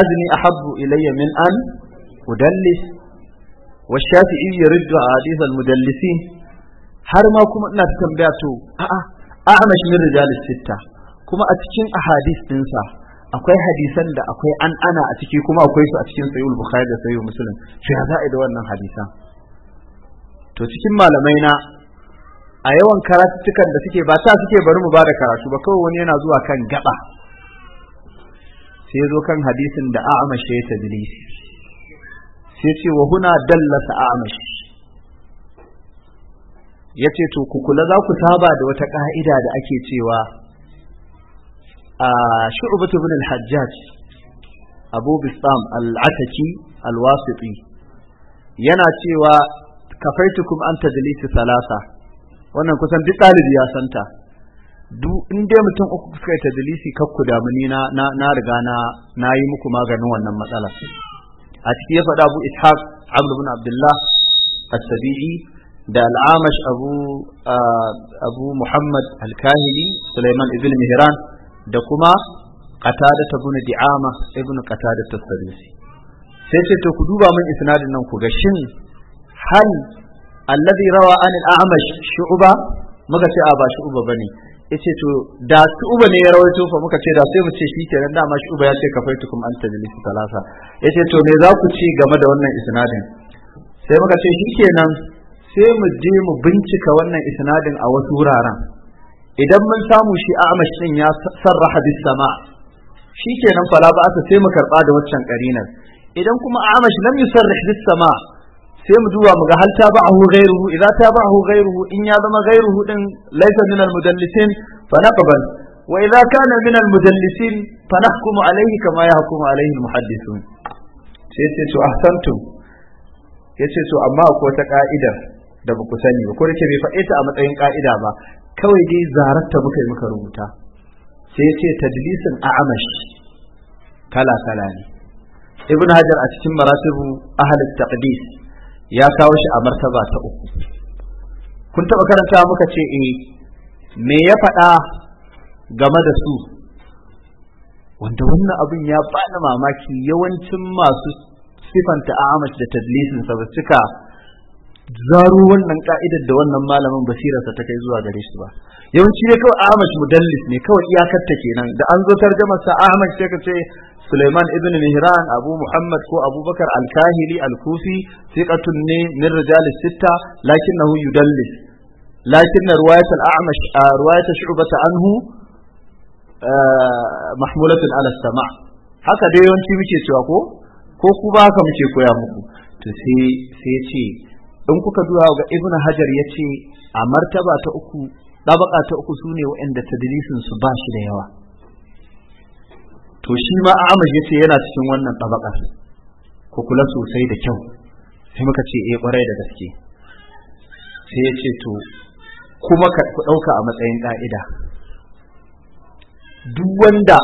A: azni ahabbu ilayya min an udallis wa shafi'i yuriddu hadith al-mudallisin har ma kuma ina ta tambaya to a'a a'amash min rijalis sittah kuma a cikin ahadis ɗinsa akwai hadisan da akwai an ana a ciki kuma akwai su a cikin sayyid bukhari da sayyid muslim shi ya za'i da wannan hadisan to cikin malamai na a yawan karatuttukan da suke ba ta suke bari mu bada karatu ba kawai wani yana zuwa kan gaba sai zo kan hadisin da a'amashi ya tadlis sai ce wa huna dallasa a'amashi ya to ku kula za ku saba da wata ka'ida da ake cewa shu'batu ibn al-hajjaj abu bisam al-ataki al-wasiti yana cewa kafaitukum an tadlisi salasa wannan kusan duk ɗalibi ya santa duk in dai mutum uku suka yi tadlisi kakku damuni na na riga na na yi muku maganin wannan matsala a ciki ya faɗa abu ishaq amr ibn abdullah as-sabi'i da al-amash abu abu muhammad al-kahili sulaiman ibn mihran da kuma qatada ibn di'ama ibn qatada ta sadusi sai ce to ku duba min isnadin nan ku ga shin hal alladhi rawa an al-a'mash shu'ba muka ce a ba shu'ba bane yace to da shu'ba ne ya rawaito fa muka ce da sai mu ce shi kenan ma shu'ba ya ce ka kafaitukum an tajlisu talasa yace to me za ku ci game da wannan isnadin sai muka ce shi kenan sai mu je mu bincika wannan isnadin a wasu wuraren idan mun samu shi a amashin ya sarraha bis sama shi kenan fala ba aka sai mu karba da waccan karinan idan kuma a amash lam yusarrih bis sama sai mu duba mu ga hal tabahu ghayruhu idza tabahu ghayruhu in ya zama ghayruhu din laysa min al mudallisin fa naqbal wa idza kana min al mudallisin fa nahkumu alayhi kama yahkumu alayhi al muhaddithun sai ce to ahsantum yace to amma akwai wata ka'idar da ba ku sani ba ko da ke bai faɗe ta a matsayin ka'ida ba kawai dai zaratta muka yi muka rubuta sai ce tadlisin a amash kala kala ne ibn hajar a cikin maratibu ahalin taqdis ya kawo shi a martaba ta uku kun taba karanta muka ce eh me ya faɗa game da su wanda wannan abin ya bani mamaki yawancin masu sifanta a amash da tadlisin sa ba suka? zaro wannan ka'idar da wannan malamin basirarsa ta kai zuwa gare shi ba yawanci ne kawai Ahmad mudallis ne kawai iyakar ta kenan da an zo tarjamar sa Ahmad sai ka ce Sulaiman ibn Mihran Abu Muhammad ko Abubakar al Alkufi, Al-Kufi thiqatun ne min rijalis sitta lakinnahu yudallis lakinna riwayat al-A'mash riwayat shu'bata anhu mahmulatun ala sama' haka dai yawanci muke cewa ko ko ku ba ka muke koya muku to sai sai ce in kuka duba ga ibn hajar ya ce a martaba ta uku ɗabaka ta uku su ne waɗanda tadlisin su ba shi da yawa to shi ma amash ya ce yana cikin wannan ɗabakar ku kula sosai da kyau sai muka ce eh kwarai da gaske sai ya ce to kuma ka ku ɗauka a matsayin ƙa'ida duk wanda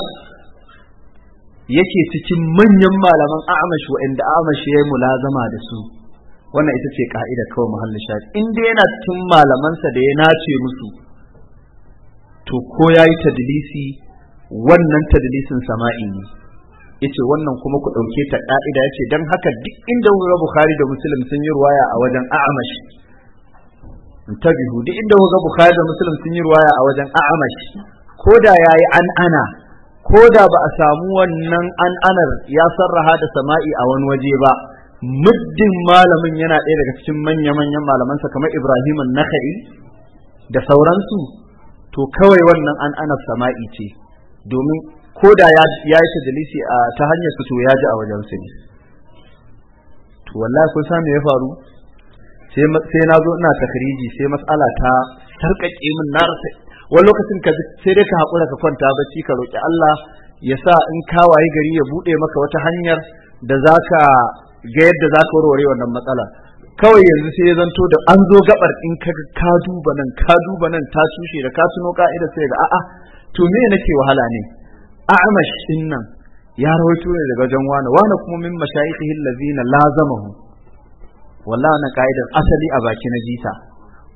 A: yake cikin manyan malaman amash waɗanda amash ya yi mulazama da su wannan ita ce ka'ida kawai muhallin shafi in dai yana cikin malamansa da ya nace musu to ko ya yi tadilisi wannan tadilisin sama'i ne ce wannan kuma ku ɗauke ta ka'ida ce. Don haka duk inda ga bukhari da musulun sun yi ruwaya a wajen a'amash intabihu duk inda ga bukhari da musulun sun yi ruwaya a wajen a'amash ko da ya an ana ko da ba a samu wannan an anar ya sarraha da sama'i a wani waje ba muddin malamin yana ɗaya daga cikin manya-manyan malamansa kamar Ibrahim Nakhai da sauransu to kawai wannan an ana sama'i ce domin ko da ya yi shadalisi a ta hanyar su to ya ji a wajen su ne to wallahi kun san me ya faru sai na zo ina takriji sai matsala ta sarkake min na rasa wani lokacin ka sai dai ka haƙura ka kwanta bacci ka roƙi Allah ya sa in ka gari ya buɗe maka wata hanyar da za ka ga yadda za ka warware wannan matsala kawai yanzu sai ya zanto da an zo gabar in ka ka duba nan ka duba nan ta tushe da ka suno ka'ida sai ga a'a to me nake wahala ne a'mash din nan ya rawaito ne daga wajen wani wani kuma min mashayikhihi allazina lazamahu wallahi na ka'idar asali a baki na jita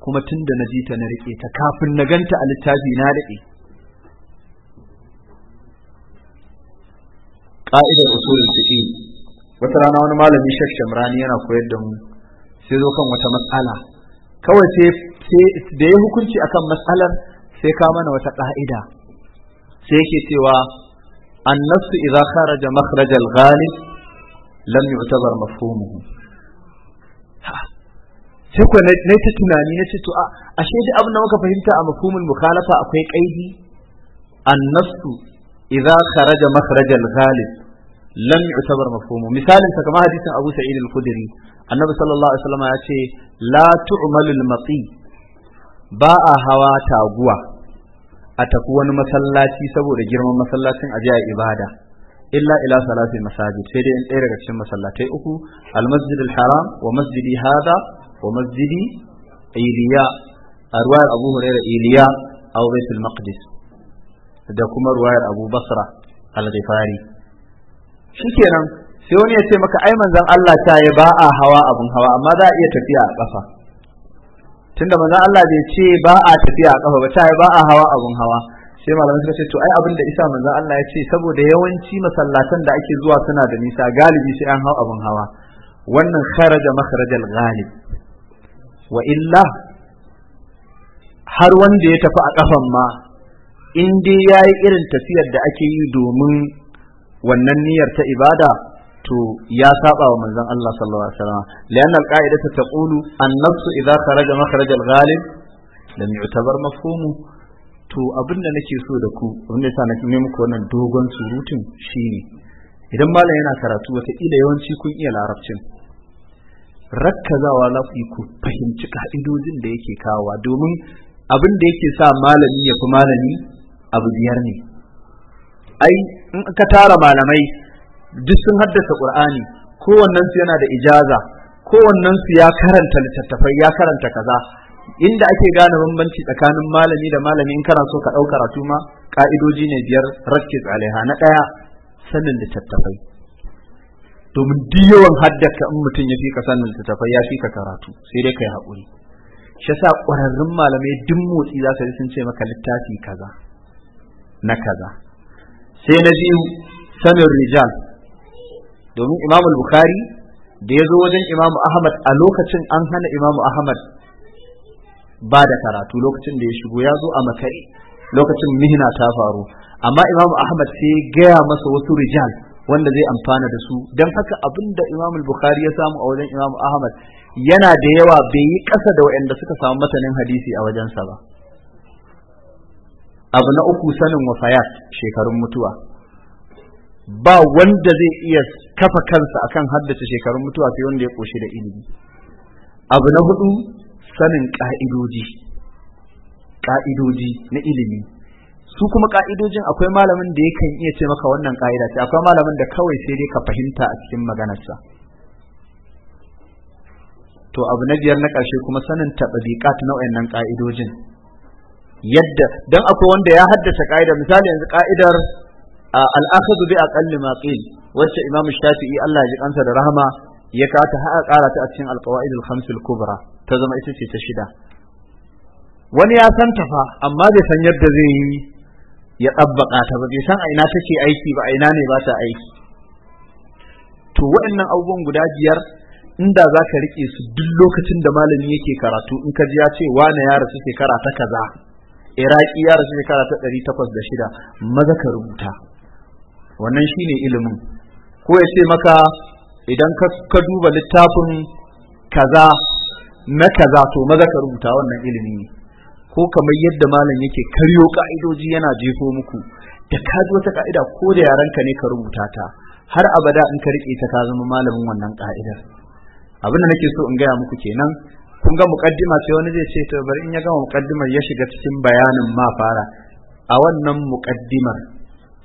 A: kuma tunda na jita na rike ta kafin na ganta a littafi na rike ka'idar usulul fiqh wata rana wani malami shek shamrani yana koyar da mu sai zo kan wata matsala kawai sai da ya hukunci akan matsalar sai ka mana wata ƙa'ida. sai yake cewa annasu idza kharaja makhraj al-ghalib lam yu'tabar mafhumuhu sai ko na ta tunani na ce to a ashe da abin da muka fahimta a mafhumul mukhalafa akwai kaidi annasu idza kharaja makhraj al-ghalib lam yu'tabar mafhumu misalin sa kamar hadisin Abu Sa'id al-Khudri annabi sallallahu alaihi wasallam ya ce la tu'malu al-mati ba a hawa taguwa a tafi wani masallaci saboda girman masallacin aje a ibada illa ila salati masajid sai dai in ɗaya daga cikin masallatai uku al-masjid al-haram wa masjidi hada wa masjidi
B: iliya a ruwayar abu hurairah iliya a baitul maqdis da kuma ruwayar abu basra al-ghifari
A: shikenan sai wani ya ce maka ai manzon Allah ta yi ba a hawa abun hawa amma za a iya tafiya a kafa tunda manzon Allah bai ce ba a tafiya a ƙafa ba ta yi ba a hawa abun hawa sai malamai suka ce to ai abin da isa manzon Allah ya ce saboda yawanci masallatan da ake zuwa suna da nisa galibi sai an hawa abun hawa wannan kharaja makharajal ghalib wa illa har wanda ya tafi a ƙafan ma in dai yayi irin tafiyar da ake yi domin wannan niyyar ta ibada to ya saba wa manzon Allah sallallahu alaihi wasallam lian alqaidatu taqulu an nafsu idza kharaja makhraj al-ghalib lam yu'tabar mafhumu to abinda nake so da ku abinda yasa nake muku wannan dogon surutun shine idan malam yana karatu wata ila yawanci kun iya larabcin rakkazawa za ku fahimci ka'idojin da yake kawa domin abin da yake sa malami ya fi malami abu biyar ne ai in ka tara malamai duk sun haddasa qur'ani kowannen su yana da ijaza kowannen su ya karanta littattafai ya karanta kaza inda ake gane bambanci tsakanin malami da malami in kana so ka ɗau karatu ma ka'idoji ne biyar rakkis alaiha na ɗaya sanin littattafai domin duk yawan haddaka in mutum ya fika ka sanin littattafai ya fika karatu sai dai kai haƙuri shi yasa ƙwararrun malamai duk motsi za su yi sun ce maka littafi kaza na kaza sai na biyu sanin rijal domin imam bukhari da ya zo wajen imam ahmad a lokacin an hana imam ahmad ba da karatu lokacin da ya shigo ya zo a makare lokacin mihna ta faru amma imam ahmad sai gaya masa wasu rijal wanda zai amfana da su don haka abin da imam bukhari ya samu a wajen imam ahmad yana da yawa bai yi ƙasa da waɗanda suka samu matanin hadisi a wajensa ba abu na uku sanin wafayat shekarun mutuwa ba wanda zai iya kafa kansa akan haddace shekarun mutuwa sai wanda ya koshi da ilimi abu na hudu sanin ka'idoji ka'idoji na ilimi
D: su kuma ka'idojin
B: akwai malamin da yakan iya ce maka wannan ka'ida ce akwai malamin da kawai sai dai ka fahimta a cikin maganarsa
A: to abu na biyar na ƙarshe kuma sanin tabbiqat na wayannan ka'idojin yadda dan akwai wanda ya haddasa ka'ida misali yanzu ka'idar al akhadhu bi aqalli ma qil wacce imam shafi'i Allah ya kansa da rahama ya kata har kara ta a cikin al-qawaid al-khams al-kubra ta zama ita ce ta shida wani ya san ta fa amma bai san yadda zai yi ya tabbaka ta ba bai san a ina take aiki ba a ina ne ba ta aiki to waɗannan abubuwan guda biyar inda za ka riƙe su duk lokacin da malami yake karatu in ka ji ya ce wane ya rasu shekara ta kaza iraki ya rasu shekara ta ɗari takwas da shida maza ka rubuta wannan shi ne ilimin ko ya ce maka idan ka duba littafin kaza na kaza to maza ka rubuta wannan ilimi ne ko kamar yadda malam yake karyo ka'idoji yana jefo muku da kaji wata ka'ida ko da yarenka ne ka rubuta ta har abada in ka riƙe ta ka zama malamin wannan ka'idar abin da nake so in gaya muku kenan kun ga muƙaddima sai wani zai ce to bari in ya gama muqaddimar ya shiga cikin bayanin ma fara a wannan muƙaddimar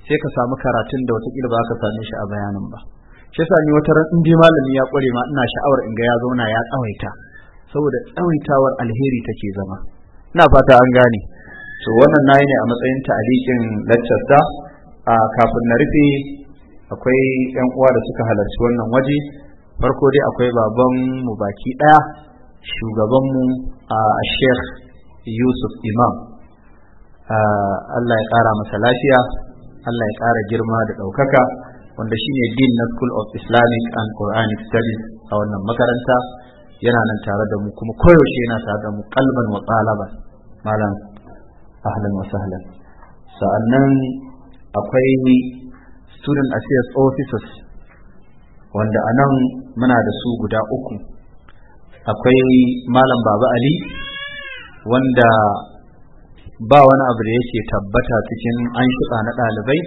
A: sai ka samu karatun da wata ba ka same shi a bayanin ba shi yasa ni wata ran indi malami ya kware ma ina sha'awar in ga ya zauna ya tsawaita saboda tsawaitawar alheri take zama ina fata an gane
D: to wannan nayi ne a
A: matsayin ta'alikin lecture ta a kafin na rufe akwai yan uwa da suka halarci wannan waje farko dai akwai baban mu baki daya shugabanmu a sheikh yusuf imam Allah ya ƙara masa lafiya Allah ya ƙara girma da ɗaukaka wanda shine dean na school of islamic and quranic studies a wannan makaranta yana nan tare da mu kuma koyaushe yana tare da mu kalban wa malam ahlan wa sahlan sa'annan akwai student affairs officers wanda anan muna da su guda uku akwai malam baba ali wanda ba wani abu da yake tabbata cikin an shiga na ɗalibai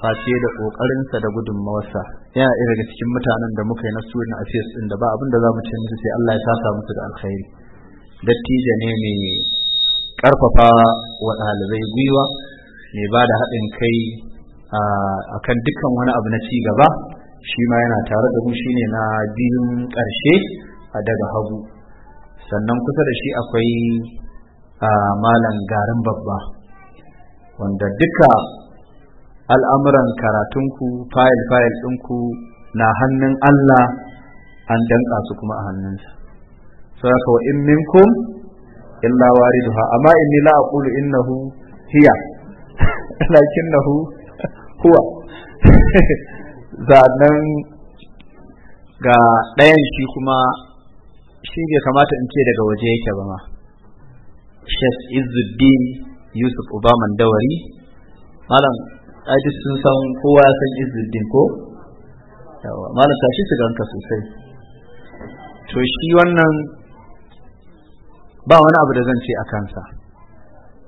A: face da ƙoƙarinsa da gudunmawarsa yana ɗaya daga cikin mutanen da muka yi na surin a ɗin da ba abin da za mu sai Allah ya saka musu da alkhairi dattijo ne mai ƙarfafa wa ɗalibai gwiwa mai ba da haɗin
B: kai a kan dukkan wani abu na ci gaba shi ma yana tare da mu shine na biyun ƙarshe a daga hagu sannan kusa da shi
A: akwai malam garin babba wanda duka al'amuran karatunku fayil-fayil ɗinku na hannun Allah an danƙa su kuma a hannunsa saboda wa in minkum illa wariduha amma inni la aqulu innahu hiya lakinnahu huwa zanen ga ɗayan shi kuma shi bai kamata in ce daga waje yake ba ma Sheikh Izzuddin Yusuf Ubaman Dawari malam aji sun san kowa ya san Izzuddin ko yawa malam ta shi su ka sosai to shi wannan ba wani abu da zan ce a kansa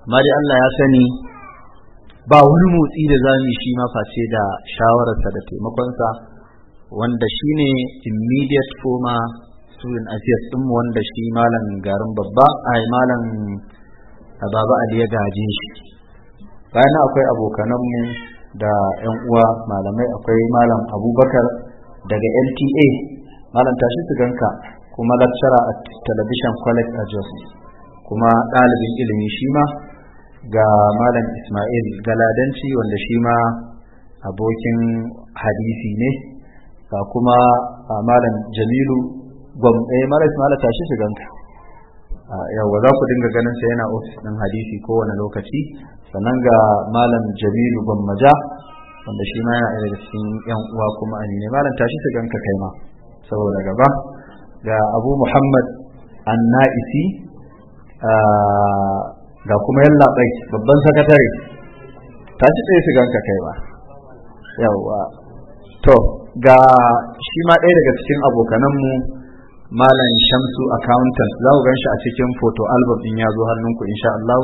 A: amma dai Allah ya sani ba wani motsi da zamu shi ma face da shawararsa da taimakonsa wanda shine immediate former student Asiyas din wanda shi malam garin babba ai malam baba ali ya gaje shi bayan akwai abokanan mu da yan uwa malamai akwai malam abubakar daga nta malam tashi su ganka kuma lakcara a television college a Jos kuma ɗalibin ilimi shi ma ga malam Ismail Galadanci wanda shi ma abokin hadisi ne ga kuma malam Jamilu gwam eh mara ismaila tashi shiganka ah, yawa za ku dinga ganin sa yana ofis ɗin hadisi kowane lokaci sannan ga malam jamilu gwammaja wanda shi ma yana daga cikin yan uwa kuma amine malam tashi shiganka kai ma saboda gaba ga abu muhammad annaisi ah, ga kuma yallaɓai babban sakatare tashi tsaye shiganka kai ma yawa to ga shi ma ɗaya daga cikin abokananmu malam shamsu accountant za ku gan shi a cikin photo album din ya zo hannunku insha Allah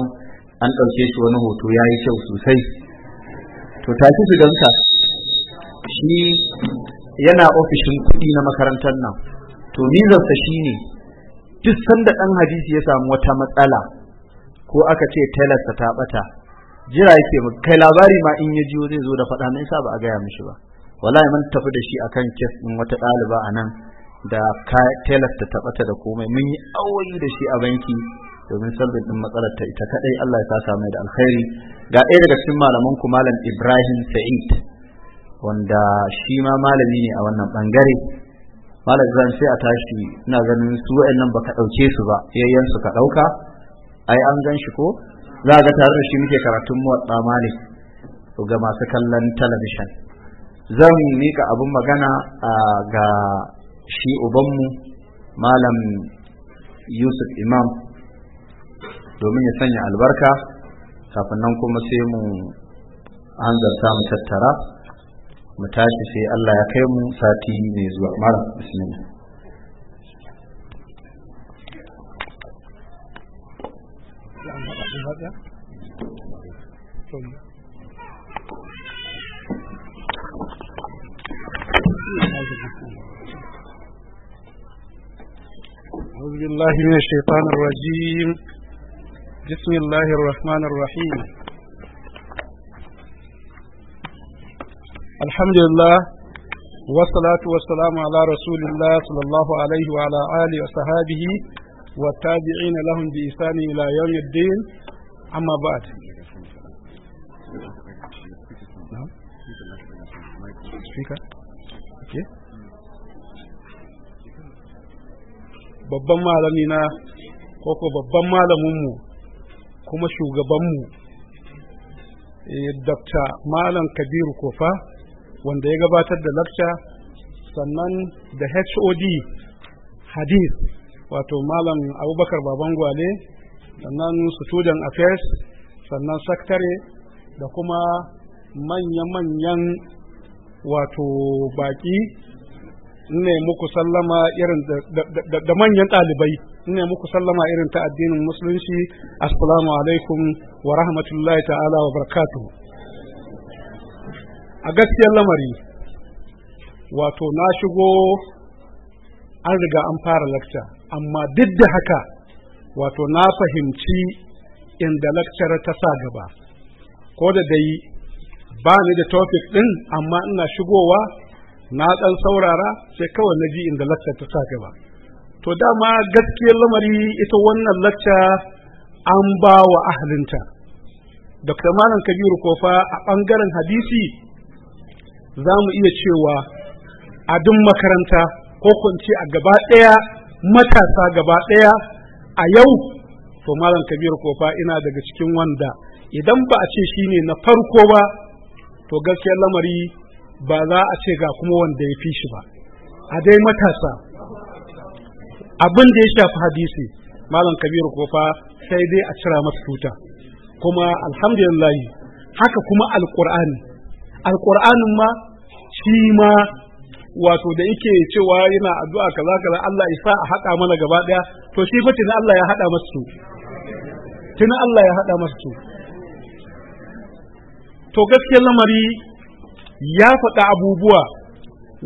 A: an ɗauke shi wani hoto ya yi kyau sosai to tashi su ganka shi yana ofishin kuɗi na makarantar nan to nizarsa shi ne duk sanda ɗan hadisi ya samu wata matsala ko aka ce telarsa ta ɓata jira yake kai labari ma in ya jiyo zai zo da faɗa na isa ba a gaya mishi ba wallahi mun tafi da shi akan kes ɗin wata ɗaliba a nan da telas da tabbata da komai mun yi awayi da shi a banki domin salbin din matsalar ta ita kadai Allah ya saka mai da alkhairi ga ɗaya daga cikin malaman ku malam Ibrahim Sa'id wanda shi ma malami ne a wannan bangare malam zan sai a tashi ina ganin su wayannan baka dauke su ba yayyan su ka dauka ai an gan shi ko za ga tare da shi muke karatun wadda malik ga masu kallon talabishin zan mika abun magana ah, ga shi ubanmu malam yusuf imam domin ya sanya albarka kafin nan kuma sai mu hanzarta mu tattara mu tashi sai Allah ya kai mu sati mai zuwa
B: mara bismillah
C: Thank you.
E: أعوذ بالله من الشيطان الرجيم بسم الله الرحمن الرحيم الحمد لله والصلاة والسلام على رسول الله صلى الله عليه وعلى آله وصحابه والتابعين لهم بإحسان إلى يوم الدين أما بعد
C: نعم. Speaker.
E: Okay. babban malami na ko ko babban malaminmu kuma shugabanmu eh, dr malam kabiru kofa wanda ya gabatar da lakca sannan da hod hadith wato malam abubakar baban gwale sannan student affairs sannan sakatare da kuma manya-manyan wato baki ne muku sallama irin da manyan ɗalibai ne muku sallama irin ta addinin musulunci assalamu alaikum wa rahmatullahi ta'ala wa barakatuh a gaskiyar lamari wato na shigo an riga an fara lakca, amma duk da haka wato na fahimci inda lakcar ta sa gaba ko da dai ba ni da topic ɗin amma ina shigowa na ɗan saurara sai kawai na ji inda lacca ta sa gaba to dama gaskiyar lamari ita wannan lacca an ba wa ahlinta dr malam kabiru kofa a ɓangaren hadisi za mu iya cewa a duk makaranta ko ce a gaba ɗaya matasa gaba ɗaya a yau to malam kabiru kofa ina daga cikin wanda idan ba a ce shine na farko ba to gaskiyar lamari ba za a ce ga kuma wanda ya fi shi ba a dai matasa abin da ya shafi hadisi malam kabiru ko fa sai dai a cira masa tuta kuma alhamdulillah haka kuma alqur'ani alqur'anin ma shi ma wato da yake cewa yana addu'a kaza kaza Allah ya sa a haɗa mana gaba ɗaya to shi fa tuni Allah ya haɗa masa su Allah ya haɗa masa su to gaskiyar lamari ya faɗa abubuwa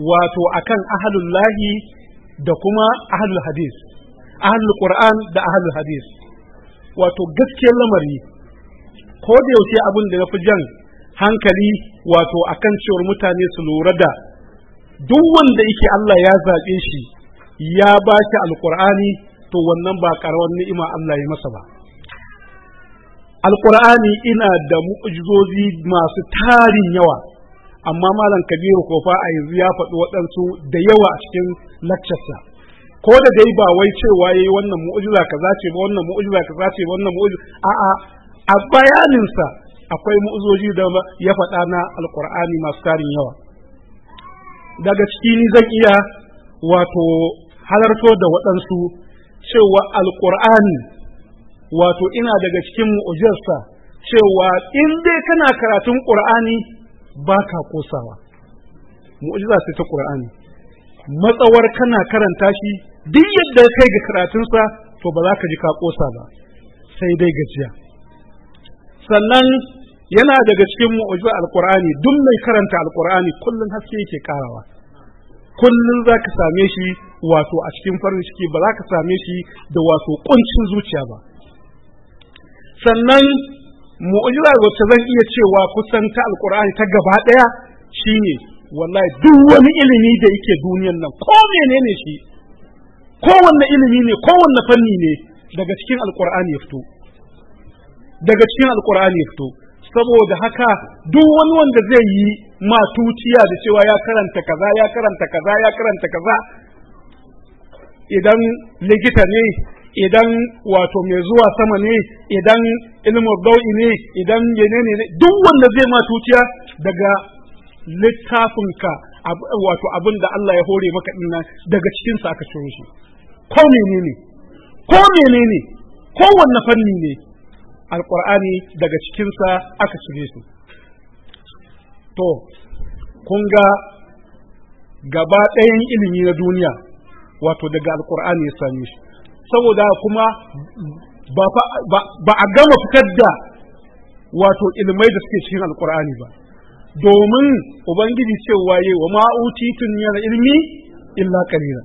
E: wato akan ahlul lahi da kuma ahlul hadis ahlul qur'an da ahlul hadis wato gaskiyar lamari ko da yaushe abin da ya fi jan hankali wato akan cewar mutane su lura da duk wanda yake Allah ya zaɓe shi ya ba shi alƙur'ani to wannan ba ƙarawar ni'ima Allah ya masa ba alƙur'ani ina da mu'ujizozi masu tarin yawa amma malam kabiru ko fa a yanzu ya faɗi waɗansu da yawa a cikin lakcarsa ko da dai ba wai cewa yayi wannan mu'jiza kaza ce ba wannan mu'jiza kaza ce ba wannan mu'jiza a'a a bayaninsa akwai mu'uzoji da ya faɗa na alkur'ani masu tarin yawa daga ciki ni zan iya wato halarto da waɗansu cewa alkur'ani wato ina daga cikin mu'ujarsa cewa in dai kana karatun ƙur'ani ba ka kosawa mu'jiza sai ta qur'ani matsawar kana karanta shi duk yadda kai ga karatunsa to ba za ka ji ka kosa ba sai dai gajiya sannan yana daga cikin mu'jiza alqur'ani duk mai karanta alqur'ani kullun haske yake karawa kullum za ka same shi wato a cikin farin ciki ba za ka same shi da wato kuncin zuciya ba sannan mu'jiza wacce zan iya cewa kusan ta alkur'ani ta gaba daya shine wallahi duk wani ilimi da yake duniyan nan ko menene shi Ko wanne ilimi ne ko wanne fanni ne daga cikin alkur'ani ya fito daga cikin alkur'ani ya fito saboda haka duk wani wanda zai yi matuciya da cewa ya karanta kaza ya karanta kaza ya karanta kaza idan likita ne idan wato mai zuwa sama ne idan ilmul dawi ne idan yene ne duk wanda zai ma tuciya daga littafinka wato abin da Allah ya hore maka dinna daga cikin sa aka ciro shi ko menene ko menene ko wanne fanni ne alqur'ani daga cikin sa aka cire su to kun ga gaba ɗayan ilimi na duniya wato daga alqur'ani ya same shi saboda kuma ba a gama fitar da wato ilmai da suke cikin alkur'ani ba domin ubangiji cewa yi wa ma'utitun yana ilmi illa kalila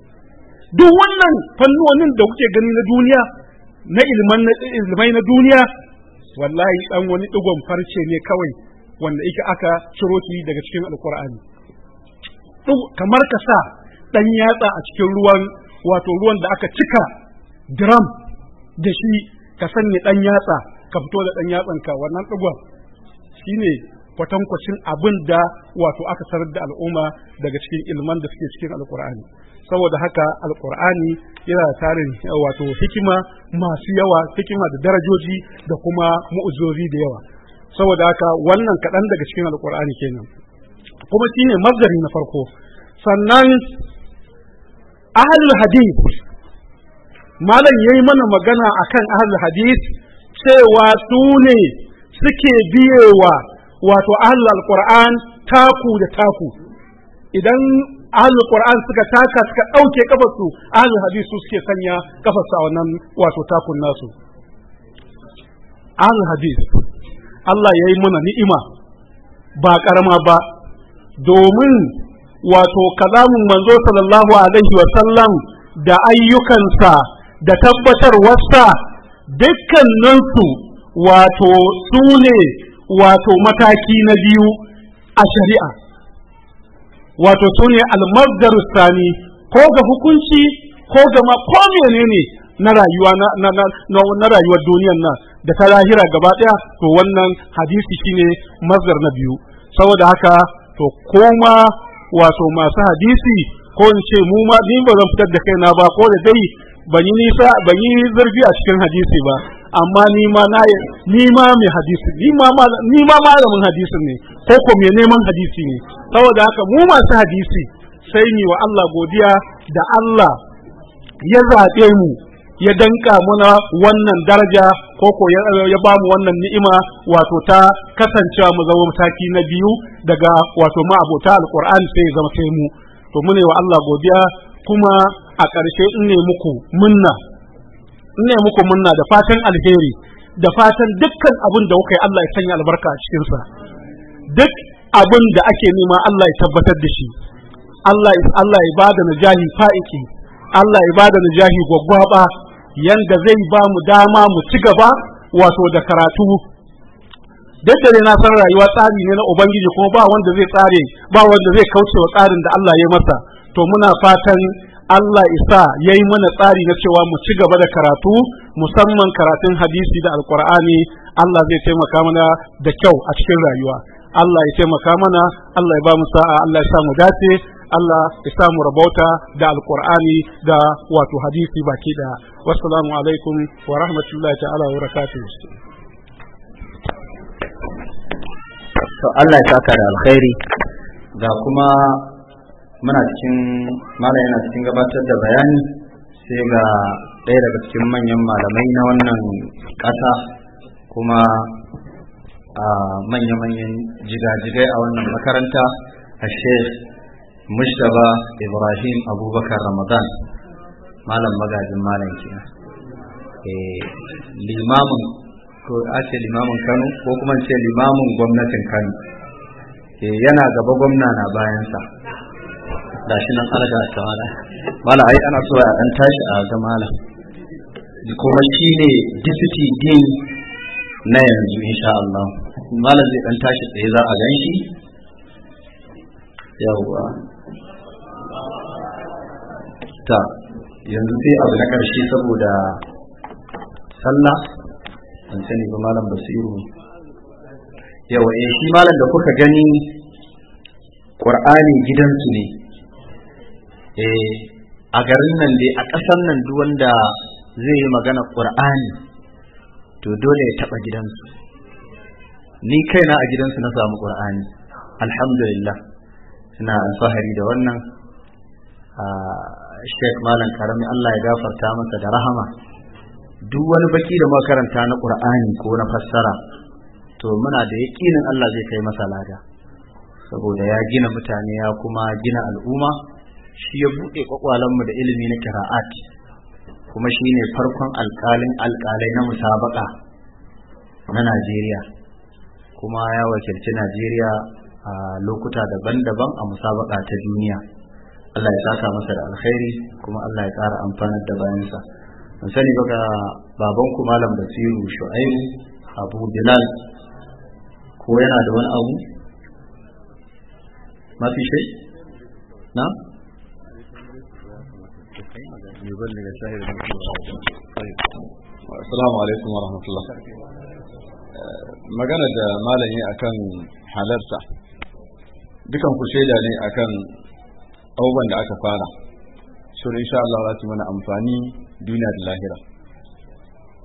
E: duk wannan fannonin da kuke gani na duniya na ilmai na duniya wallahi ɗan wani digon farce ne kawai wanda ika aka ciro shi daga cikin alkur'ani kamar ka sa ɗan yatsa a cikin ruwan wato ruwan da aka cika drum da shi ka sanya ɗan yatsa ka fito da ɗan ka wannan ɗigon shine kwatankwacin abin da wato aka sanar da al'umma daga cikin ilman da suke cikin alkur'ani saboda haka alkur'ani yana tarin wato hikima masu yawa hikima da darajoji da kuma mu'uzozi da yawa saboda haka wannan kaɗan daga cikin alkur'ani kenan kuma shine mazari na farko sannan ahlul hadith malam yayi mana magana akan ahlul hadith cewa su ne suke biyewa wato ahlul alquran taku da taku idan ahlul qur'an suka taka suka dauke kafarsu ahlul hadith su suke sanya kafarsu a wannan wato takun nasu ahlul hadith Allah ya yi mana ni'ima ba karama ba domin wato kalamun manzo sallallahu alaihi wa sallam da ayyukansa da tabbatarwarsa dukkaninsu wato sune wato mataki na biyu a shari'a wato su ne almazgar sani ko ga hukunci ko ga makomene ne menene na rayuwa na na rayuwar duniyar nan da ta lahira gaba ɗaya to wannan hadisi shine mazgar na biyu saboda haka to koma wato masu hadisi ko in ce mu ma ni ba zan fitar da kaina ba ko da dai ban yi nisa ban yi zurfi a cikin hadisi ba amma nima ma na ni ma mai hadisi ni ma malamin hadisi ne ko ko mai neman hadisi ne saboda haka mu masu hadisi sai ni wa Allah godiya da Allah ya zaɓe mu ya danka muna wannan daraja ko ko ya ba mu wannan ni'ima wato ta kasancewa mu zama mataki na biyu daga wato ma abota alquran sai ya zama sai mu to mune wa Allah godiya kuma a ƙarshe in ne muku munna in ne muku munna da fatan alheri da fatan dukkan abin da kuka yi Allah ya sanya albarka a cikinsa duk abin da ake nema Allah ya tabbatar da shi Allah Allah ya bada najahi fa'iki Allah ya bada najahi gwaggwaba yanda zai ba mu dama mu ci gaba wato da karatu duk da na san rayuwa tsari ne na ubangiji kuma ba wanda zai tsare ba wanda zai kauce wa tsarin da Allah ya masa to muna fatan Allah isa ya yi mana tsari na cewa mu ci gaba da karatu musamman karatun hadisi da alkur'ani Allah zai taimaka mana da kyau a cikin rayuwa Allah ya taimaka mana Allah ya ba mu sa'a Allah ya sa mu dace Allah ya sa mu rabauta da alkur'ani da wato hadisi baki da wassalamu alaikum wa rahmatullahi ta'ala wa barakatuh
F: to Allah ya
B: saka da alkhairi ga kuma muna cikin malam yana cikin gabatar da bayani sai ga ɗaya daga cikin manyan malamai na wannan ƙasa kuma a manya-manyan jigajigai
A: a wannan makaranta a sheikh mushtaba ibrahim abubakar ramadan malam magajin malam ke eh, limamin ko a ce limamin kano ko kuma ce limamin gwamnatin kano eh, yana gaba gwamna na bayansa da shi nan alaga ta wala wala ai ana so a dan tashi a ga malam kuma shi ne deputy dean na yanzu insha Allah malam zai dan tashi tsaye za a gan shi yawa ta yanzu sai abu na karshe saboda sallah an sani ba malam basiru yawa eh shi malam da kuka gani qur'ani gidansu ne eh a garin nan dai a ƙasar nan duk wanda zai yi magana ƙur'ani to dole ya taɓa gidansu ni kaina a gidansu na samu ƙur'ani alhamdulillah ina alfahari da wannan Sheikh Malam Karami Allah ya gafarta masa da rahama
D: duk wani baki da
A: makaranta na Qur'ani ko na fassara to muna da yaƙinin Allah zai kai masa lada
B: saboda ya gina mutane ya kuma gina al'umma shi ya buɗe kwakwalenmu da ilimi na kira'at kuma shi ne farkon alƙalin alƙalai na musabaka na najeriya kuma ya wakilci najeriya a lokuta daban-daban a musabaka ta duniya allah ya saka masa da alkhairi
A: kuma allah ya ƙara amfanar da bayansa mun sani ba ga babanku malam basiru shu'aibu abu bilal ko yana da wani abu
B: mafi shi na
C: ليبلغ الشاهد طيب السلام عليكم ورحمة الله
A: magana da malami akan halarta dukan ku shaida ne akan abubuwan da aka fara shi insha Allah za su mana amfani duniya da lahira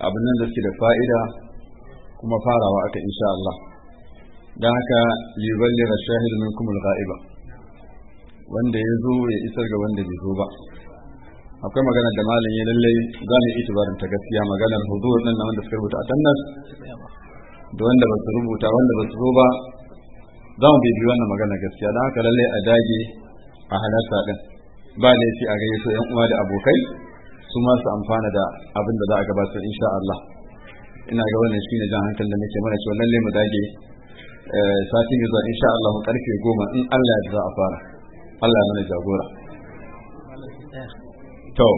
A: abin nan da suke da fa'ida kuma farawa aka insha Allah don haka liballi da shahid min kuma ga'iba wanda ya zo ya isar ga wanda bai zo ba akwai magana da malam ya lallai za mu itibarin ta gaskiya maganar hudur nan na wanda suka rubuta a tannas da wanda ba su rubuta wanda ba su zo ba za mu bibi wannan magana gaskiya don haka lallai a dage a halarta din ba yake a gayyato yan uwa da abokai su ma su amfana da abin da za a gabatar insha Allah ina ga wannan shine jan hankali da muke mana cewa lallai mu dage eh, sati mai zuwa insha Allah karfe goma in Allah ya za a fara Allah ya mana jagora to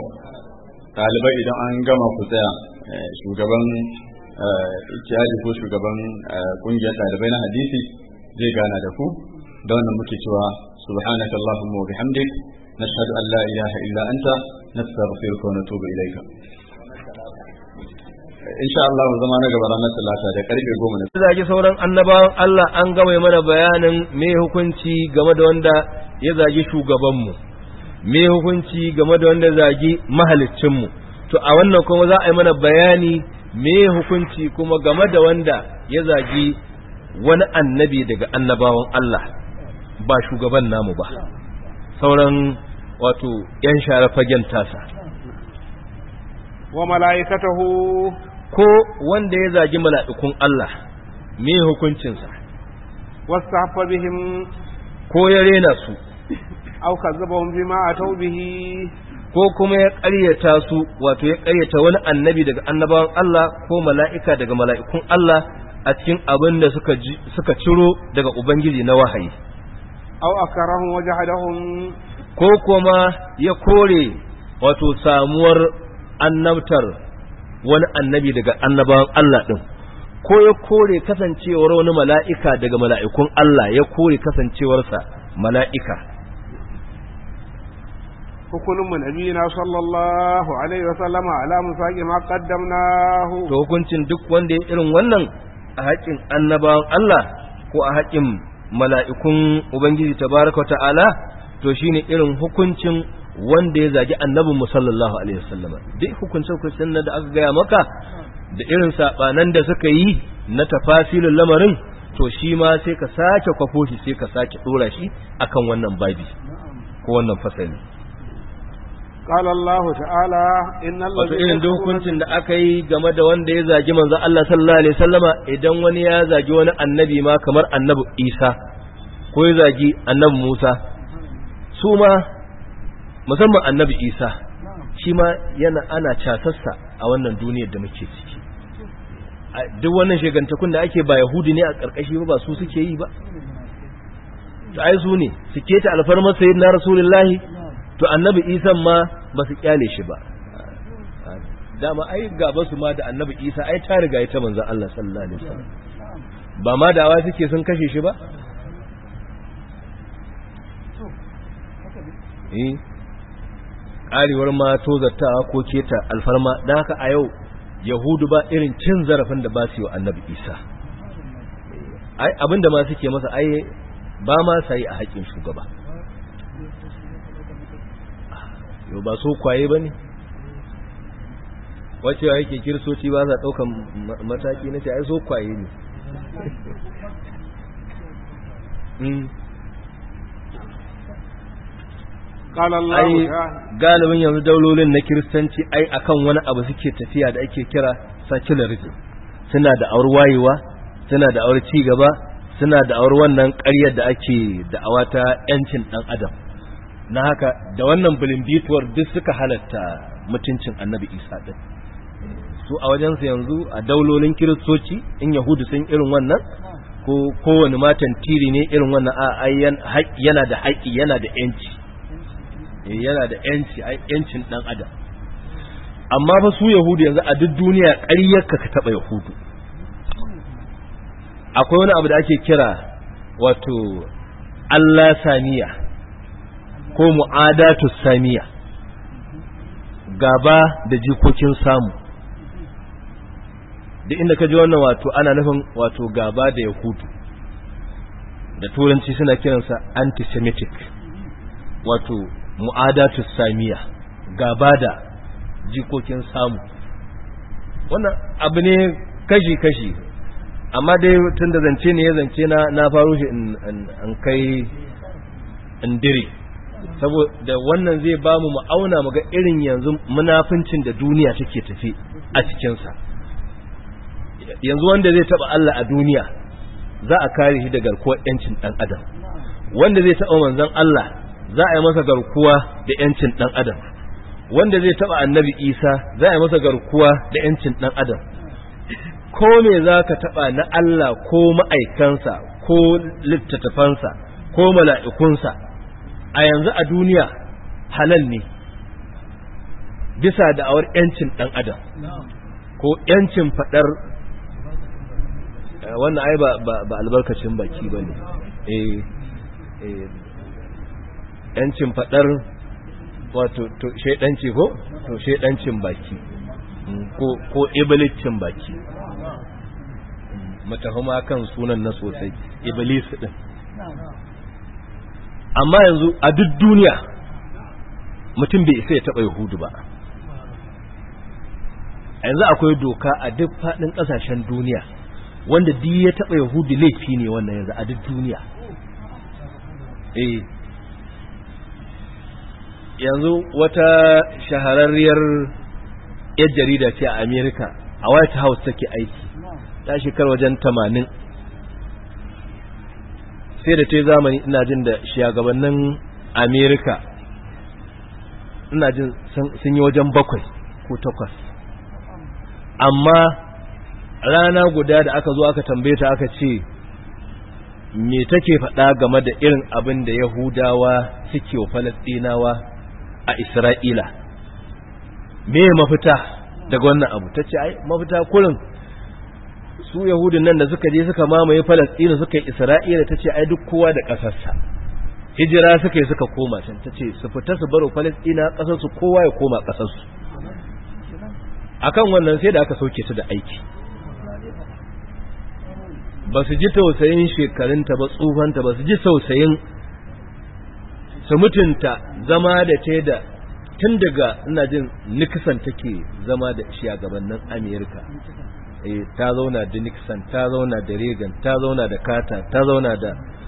A: ɗalibai idan an gama ku tsaya eh, shugaban eh, ikiyali ko shugaban kungiyar eh, ɗalibai na hadisi zai gana da ku da wannan muke cewa subhanaka allahumma wa bihamdik nashhadu an la ilaha illa anta nastaghfiruka wa natubu ilayka insha Allah zama na gaba ranar talata da karfe goma na
F: zaki sauran annabawan Allah an gama mana bayanin me hukunci game da wanda ya zagi shugabanmu me hukunci game da wanda zagi mahalicinmu to a wannan kuma za a yi mana bayani me hukunci kuma game da wanda ya zagi wani annabi daga annabawan Allah ba shugaban namu ba sauran wato yan share fagen tasa wa mala'ikatahu ko wanda ya zagi mala'ikun Allah me hukuncinsa wasu bihim ko ya rena su
E: au kazzabahum bima atau bihi
F: ko kuma ya ƙaryata su wato ya ƙaryata wani annabi daga annabawan Allah ko mala'ika daga mala'ikun Allah a cikin abin da suka suka ciro daga ubangiji na wahayi
E: au akarahum wajhadahum
F: ko kuma ya kore wato samuwar annabtar wani annabi daga annabawan Allah din ko ya kore kasancewar wani mala'ika daga mala'ikun Allah ya kore kasancewarsa mala'ika
E: فكل من sallallahu alaihi الله عليه وسلم على qaddamnahu to
F: hukuncin duk wanda ya irin wannan a haƙin annabawan Allah ko a haƙin mala'ikun ubangiji تبارك ta'ala to شيني irin hukuncin wanda ya zagi annabin mu sallallahu alaihi وسلم duk hukuncin سوك da aka gaya maka da irin sabanan da suka yi na tafasilin lamarin to shi ma sai ka sake kwafo sai ka sake dora shi akan wannan babi ko wannan fasali
E: قال الله تعالى إن wato irin
F: da hukuncin da aka yi game da wanda ya zagi manzo Allah sallallahu alaihi wasallama idan wani ya zagi wani annabi ma kamar annabi Isa ko ya zagi annabi Musa su ma musamman annabi Isa shi ma yana ana casassa a wannan duniyar da muke ciki duk wannan shegantakun da ake ba Yahudi ne a karkashi ba su suke yi ba ai su ne suke ta alfarmar sayyidina rasulullahi to annabi Isa ma ba su kyale shi ba dama ai gaba su ma da annabi isa ai ta riga ita manzon Allah sallallahu alaihi wasallam ba ma dawa suke sun kashe shi ba eh karewar ma tozartawa ko keta alfarma dan haka a yau yahudu ba irin cin zarafin da ba su yi wa annabi isa abinda ma suke masa ai ba ma sai a haƙƙin shugaba yau ba so kwaye ba ne wacewa yake kiristoci ba za ɗaukan mataki na ce ai so kwaye ne hmm. ai galibin yanzu daulolin na kiristanci ai akan wani abu suke tafiya da ake kira secularism suna da awar wayewa suna da awar cigaba suna da awar wannan ƙaryar da ake da'awa ta 'yancin ɗan adam na haka da wannan bilimbituwar duk suka halatta mutuncin annabi isa ɗin su a wajensu yanzu a daulolin kiristoci in yahudu sun irin wannan ko kowane matan tiri ne irin wannan a yana da haƙi yana da yanci eh, yana da yanci yancin ɗan adam amma fa su yahudu yanzu a duk duniya ƙaryarka ka taɓa yahudu akwai wani abu da ake kira wato allah saniya ko mu'adatu samiya gaba da jikokin samu da inda ka ji wannan wato ana nufin wato gaba da yahudu da turanci suna kiransa antisemitic wato mu'adatu samiya gaba da jikokin samu wannan abu ne kashi-kashi amma dai tun da zance ne ya zance na faru shi in kai in diri. saboda wannan zai ba mu ma'auna mu ga irin yanzu munafincin da duniya take tafi a cikinsa yanzu wanda zai taba Allah a duniya za a kare shi da garkuwar yancin dan adam wanda zai taba manzon Allah za a yi masa garkuwa da yancin dan adam wanda zai taba annabi Isa za a yi masa garkuwa da yancin dan adam ko me zaka taba na Allah ko ma'aikansa ko littattafansa ko mala'ikunsa a yanzu a duniya halal ne bisa da awar yancin dan adam ko yancin fadar eh, wannan ai ba ba albarkacin baki bane eh eh yancin fadar wato to shedanci ko to shedancin baki mm, ko ko iblicin baki matahuma mm, kan sunan na sosai iblis din amma yanzu a duk duniya mutum bai isa ya taba yahudu ba a yanzu akwai doka a duk fadin kasashen duniya wanda di ya taɓa yahudu laifi ne wannan yanzu a duk duniya eh yanzu wata shahararriyar yar jarida ce a america a white house take aiki ta shekar wajen tamanin sai da ta zamani ina jin da shugabannin amerika ina jin sun yi wajen bakwai ko takwas amma rana guda da aka zo aka tambaye ta aka ce me take faɗa game da irin abin da yahudawa suke wa falastinawa a isra'ila me mafita daga wannan abu ta ce ai mafita kurin su yahudun nan da suka je suka mamaye falastina suka yi isra'ila ta ce ai duk kowa da ƙasarsa hijira suka yi suka koma can ta ce su fita su baro falastina ƙasarsu kowa ya koma ƙasarsu akan wannan sai da aka sauke su da aiki ba su ji tausayin shekarunta ba tsufanta ba su ji tausayin su mutunta zama da ce da tun daga ina jin nikisan take zama da shi a gabanin amerika Eh, ta zauna da Nixon ta zauna da Reagan ta zauna da Carter ta zauna da